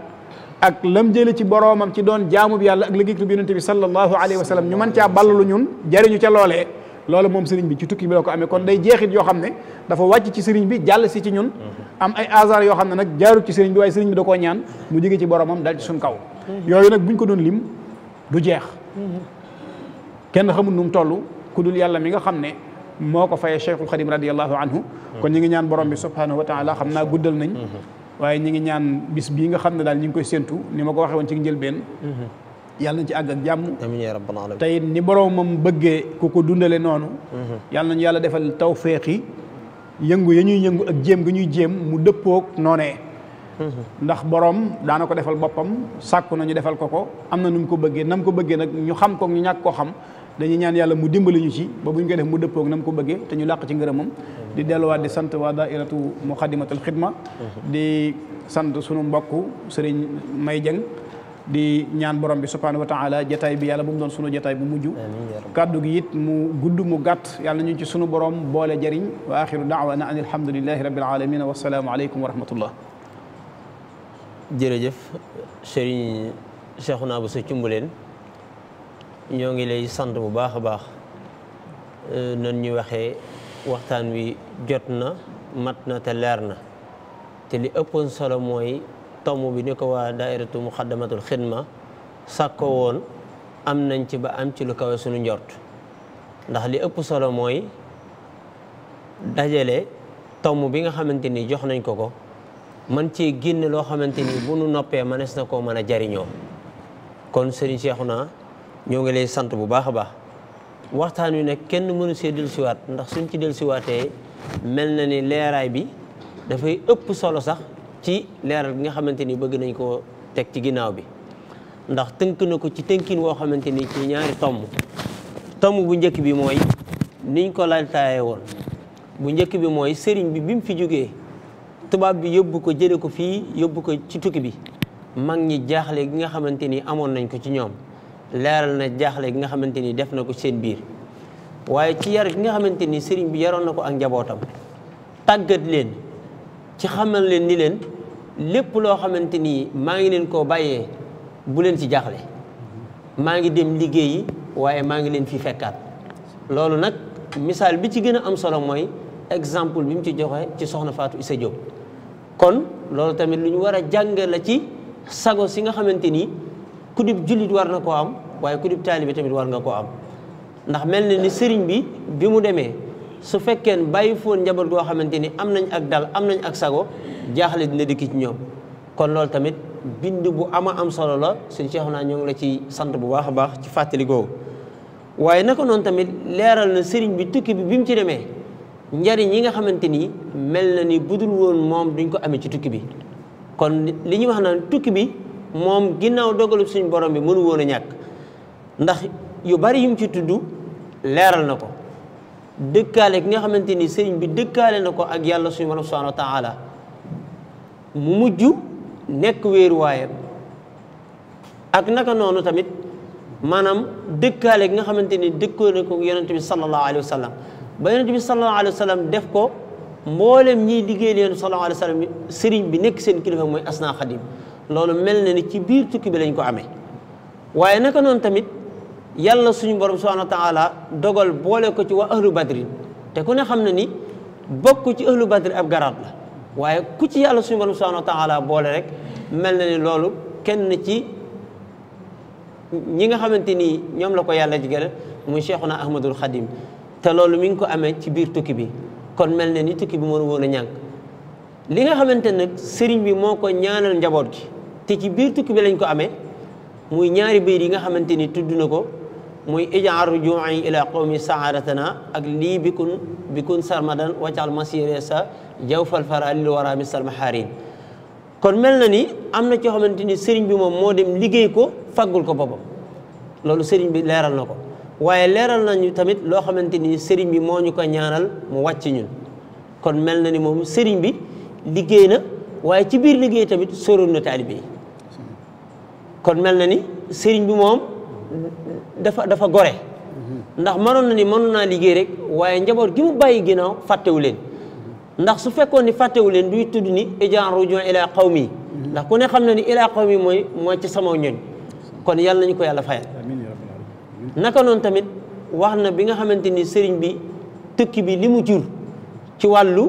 ak lam jële ci boroomam ci doon jaamu bi yàlla ak liggéey bi yonente bi sallallahu alayhi wa sallam ñu mën caa ballalu ñun jariñu ca loolee loolu moom sëriñ bi ci tukki bi la ko amee kon day jeexit yoo xam ne dafa wàcc ci sëriñ bi jàll si ci ñun am ay hasard yoo xam ne nag jaarut ci sëriñ bi waaye sëriñ bi da ñaan mu jóge ci boroomam dal ci suñ kaw yooyu nag buñ ko doon lim du jeex kenn xamul nu mu toll ku dul yàlla mi nga xam ne moo ko fayee cheikhul xadim radiallahu anhu kon ñu ngi ñaan borom bi subhanahu wa taala xam naa guddal nañ waaye ñi ngi ñaan bis bii nga xam ne daal ñi ngi koy séentu ni ma ko waxee woon ci njëlbeen mhm. yàlla na ci àgg ak jàmm tey ni boromam bëggee ku ko dundale noonu mhm. yàlla nañu yàlla defal tawféex yi yëngu ya ñuy yëngu ak jéem ga ñuy jéem mu dëppook dëppoog noonee mhm. ndax borom daana ko defal boppam sàkku nañu defal ko ko am na nu ko bëggee nam ko bëggee nag ñu xam ko ñu ñàkk koo xam dañuy ñaan yàlla mu dimbali ñu ci ba bu ñu mu dëppoog na mu ko bëggee te ñu làq ci ngërëmam di delluwaat di sant waa daairatu muqaddimatul xidma di sant sunu mbokk sëriñ May Jeng di ñaan borom bi subhaanahu wa taala jataay bi yàlla bu mu doon sunu jataay bu mujj kàddu gi it mu gudd mu gàtt yàlla ñu ci sunu borom boole jëriñ wa axiru daawana an alhamdulilahi rabbil alamin wa salaamu aleykum wa rahmatullah jërëjëf sëriñ Cheikhouna Bousso Cumbuleen ñoo ngi lay sant bu baax a baax euh, nan ñu waxee waxtaan wi jot na mat na te leer na te li ëppoon solo mooy tomb bi ni ko waa daairatu muxaddamatul xidma ko woon am nañ ci ba am ci lu kawe suñu njort ndax li ëpp solo mooy dajale tomb bi nga xamante ni jox nañ ko ko man ci génne loo xamante ni bu nu noppee mënees na koo mën a jariñoo kon sëriñ Seexuna ñoo ngi lay sant bu baax a baax waxtaan wi nag kenn mënu see dellusiwaat ndax suñ ci dellusiwaatee mel na ni leeraay bi dafay ëpp solo sax ci leeral bi nga xamante ni bëgg nañ koo teg ci ginnaaw bi ndax tënk ko ci tënkin woo xamante ni ci ñaari tomb tomb bu njëkk bi mooy niñ ko laltaaye woon bu njëkk bi mooy sëriñ bi bi mu fi jógee tubaab bi yóbbu ko jële ko fii yóbbu ko ci tukki bi mag ñi jaaxle gi nga xamante ni amoon nañ ko ci ñoom leeral na jaaxle gi nga xamante ni def na ko seen biir waaye ci yar gi nga xamante ni sëriñ bi yaroon na ko ak njabootam tàggat leen ci xamal leen ni leen lépp loo xamante ni maa ngi leen koo bàyyee bu leen ci jaaxle maa ngi dem liggéeyi waaye maa ngi leen fi fekkaat loolu nag misaal bi ci gën a am solo mooy exemple bi mu ci joxe ci soxna Fatou Issa Diop kon loolu tamit lu ñu war a jàngal la ci sago si nga xamante ni. ku dib jullit war na koo am waaye ku dib taalibe tamit war nga koo am ndax mel na ni sëriñ bi bi mu demee su fekkeen bàyyi foon njaboot goo xamante ni am nañ ak dal am nañ ak sago jaaxle dina dikki ci ñoom kon loolu tamit bind bu ama am solo la suñ seexu naa ñoo la ci sant bu baax a baax ci fàttali googu waaye naka noonu tamit leeral na sëriñ bi tukki bi bi mu ci demee njariñ yi nga xamante ni mel na ni budul woon moom duñ ko amee ci tukki bi tukki bi moom ginnaaw dogalu suñu borom bi mënu woon ñàkk ndax yu bari yum ci tudd leeral na ko dëkkaale gi nga xamante ni sëriñ bi dëkkaale na ko ak yàlla suñu borom subhanahu wa taala mu mujj nekk wéeruwaayam ak naka noonu tamit maanaam dëkkaale gi nga xamante ni dëkkoo na ko yonente bi sallallahu alayhi wa sallam ba yonente bi sallallahu alayhi wa def ko mboolem ñiy liggéeyal yonente bi sallallahu alayhi sëriñ bi nekk seen kilifa mooy asna xadim loolu mel na ni ci biir tukki bi lañu ko amee waaye naka noonu tamit yàlla suñu borom subhanahu wa taala dogal boole ko ci waa ahlu badrin te ku ne xam na ni bokk ci ahlu badri ab garaat la waaye ku ci yàlla suñu borom subhanahu wa taala boole rek mel na ni loolu kenn ci ñi nga xamante ni ñoom la ko yàlla jigale muy Cheikhuna Ahmadul Xadim te loolu mi ngi ko amee ci biir tukki bi kon mel na ni tukki bi mënu woon a ñànk li nga xamante nag sëriñ bi moo ko ñaanal njaboot gi te ci biir tukki bi lañ ko amee muy ñaari bayt yi nga xamante ni tudd ko muy ijaar rujuu'i ila qawmi saadatana ak lii bikun sarmadan waccal masire sa jawfal fara lil wara misal maharin kon mel na ni am na coo xamante ni sëriñ bi moom moo dem liggéey ko faggul ko boppam loolu sëriñ bi leeral na ko waaye leeral nañu tamit loo xamante ni sëriñ bi moo ñu ko ñaanal mu wàcc ñun kon mel na ni moom sëriñ bi liggéey na waaye ci biir liggéey tamit sóoroon na taalibe kon mel na ni sëriñ bi moom dafa dafa gore ndax manoon na ni mënoon naa liggéey rek waaye njaboot gi mu bàyyi ginnaaw fàttewu leen ndax su fekkoon ni fàttewu leen duy tudd ni ijan rujon xaw qawmi ndax ku ne xam na ni ila qawmi mooy mooy ci sama ñoñ kon yàlla nañu ko yàlla fayal naka noonu tamit wax na bi nga xamante ni sëriñ bi tëkk bi li mu jur ci wàllu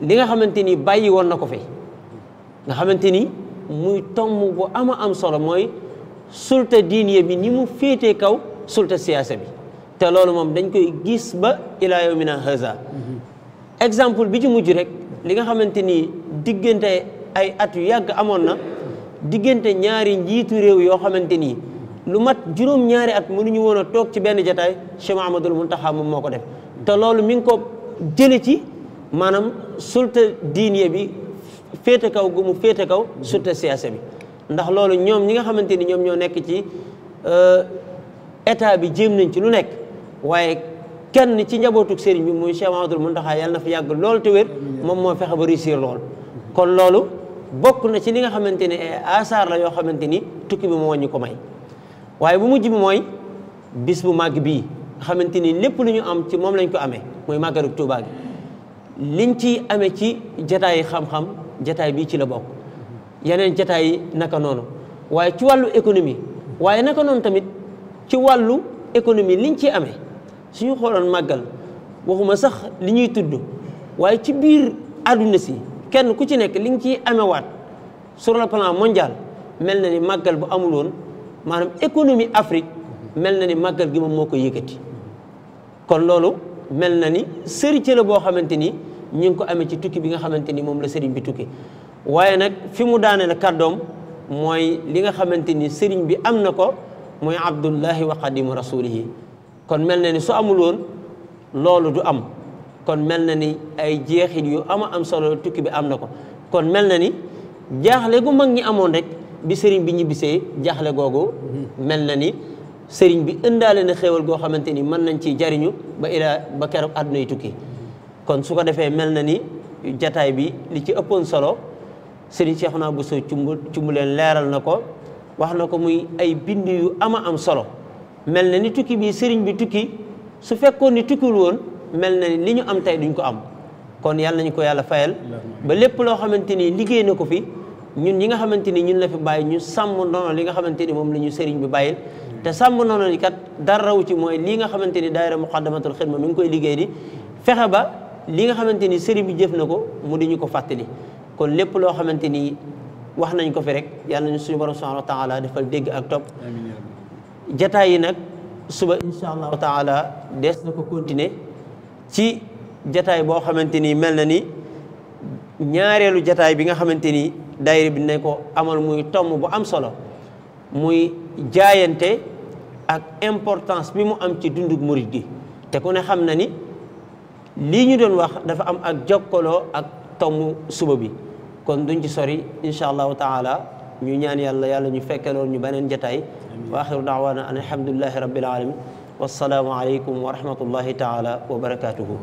li nga xamante ni bàyyi woon na ko fi nga xamante ni muy tomb bu ama am solo mooy sulta diine bi ni mu féetee kaw sulta siyaasa bi te loolu moom dañ koy gis ba ilaa yawmina haza exemple bi ci mujj rek li nga xamante ni diggante ay at yu yàgg amoon na diggante ñaari njiitu réew yoo xamante ni lu mat juróom-ñaari at mënuñu woon a toog ci benn jataay Cheikh Mahamadul Muntaxa moom moo ko def te loolu mi ko jële ci maanaam sulta diine bi féete kaw gu mu féete kaw surtout siyaasa bi ndax loolu ñoom ñi nga xamante ni ñoom ñoo nekk ci euh, état bi jéem nañ ci lu nekk waaye kenn ci njabootuk sëriñ bi muy Cheikh mu Muntaxa yàlla na fi yàgg loolu te wér moom moo fexe ba réussir lool kon loolu bokk na ci li nga xamante ni asaar la yoo xamante ni tukki bi moo ñu ko may waaye bu mujj bi mooy bis bu màgg bii nga xamante ni lépp lu ñu am ci moom lañ ko amee muy màggalu Tuubaa gi liñ ci amee ci jataayi xam jataay bii ci la bokk yeneen jataay yi naka noonu waaye ci wàllu économie waaye naka noonu tamit ci wàllu économie liñ ci amee suñu xooloon màggal waxuma sax li ñuy tudd waaye ci biir àdduna si kenn ku ci nekk li nga ciy amewaat sur le plan mondial mel na ni màggal bu amul woon maanaam économie Afrique mel na ni màggal gi moom moo ko yëkkati kon loolu mel na ni sëri ci la boo xamante ni ñi ngi ko amee ci tukki bi nga xamante ni moom la sëriñ bi tukki waaye nag fi mu daaneel kàddoom mooy li nga xamante ni sëriñ bi am na ko mooy abdullahi wa qadimu rasulihi kon mel na ni su amul woon loolu du am kon mel na ni ay jeexit yu ama am solo tukki bi am na ko kon mel na ni jaaxle gu mag ñi amoon rek bi sëriñ bi ñibbisee jaaxle googu mel na ni sëriñ bi ëndaale na xéewal goo xamante ni mën nañ ci jariñu ba ila ba keroog àdduna yi tukki kon su ko defee mel na ni jataay bi li ci ëppoon solo Serigne Cheikhouna Bousso cumb cumb leen leeral na ko wax na ko muy ay bind yu ama am solo mel na ni tukki bii sëriñ bi tukki su fekkoon ni tukkiwul woon mel na ni li ñu am tey duñ ko am kon yàlla nañu ko yàlla fayal ba lépp loo xamante ni liggéey na ko fi ñun ñi nga xamante ni ñun la fi bàyyi ñu sàmm noonu li nga xamante ni moom la ñu sëriñ bi bàyyil te sàmm noonu li kat dara raw ci mooy lii nga xamante ni daayira muqaddamatul xidma mi ngi koy liggéey li nga xamante ni sëriñ bi jëf na ko mu di ñu ko fàttali kon lépp loo xamante ni wax nañ ko fi rek yàlla nañu suñu borom subhanahu wa taala defal dégg ak topp jataay yi nag suba insha allahu taala des na ko continuer ci jataay boo xamante ni mel na ni ñaareelu jataay bi nga xamante ni daayira bi nañ ko amal muy tomm bu am solo muy jaayante ak importance bi mu am ci dundug murit gi te ku ne xam na ni lii ñu doon wax dafa am ak jokkaloo ak tomb suba bi kon duñ ci sori incha allahu taala ñu ñaan yàlla yàlla ñu fekke loolu ñu beneen jataay wa axiru daawaana an alhamdulilahi rabbil alamin wassalaamu aleykum wa rahmatullahi taala wa barakatuhu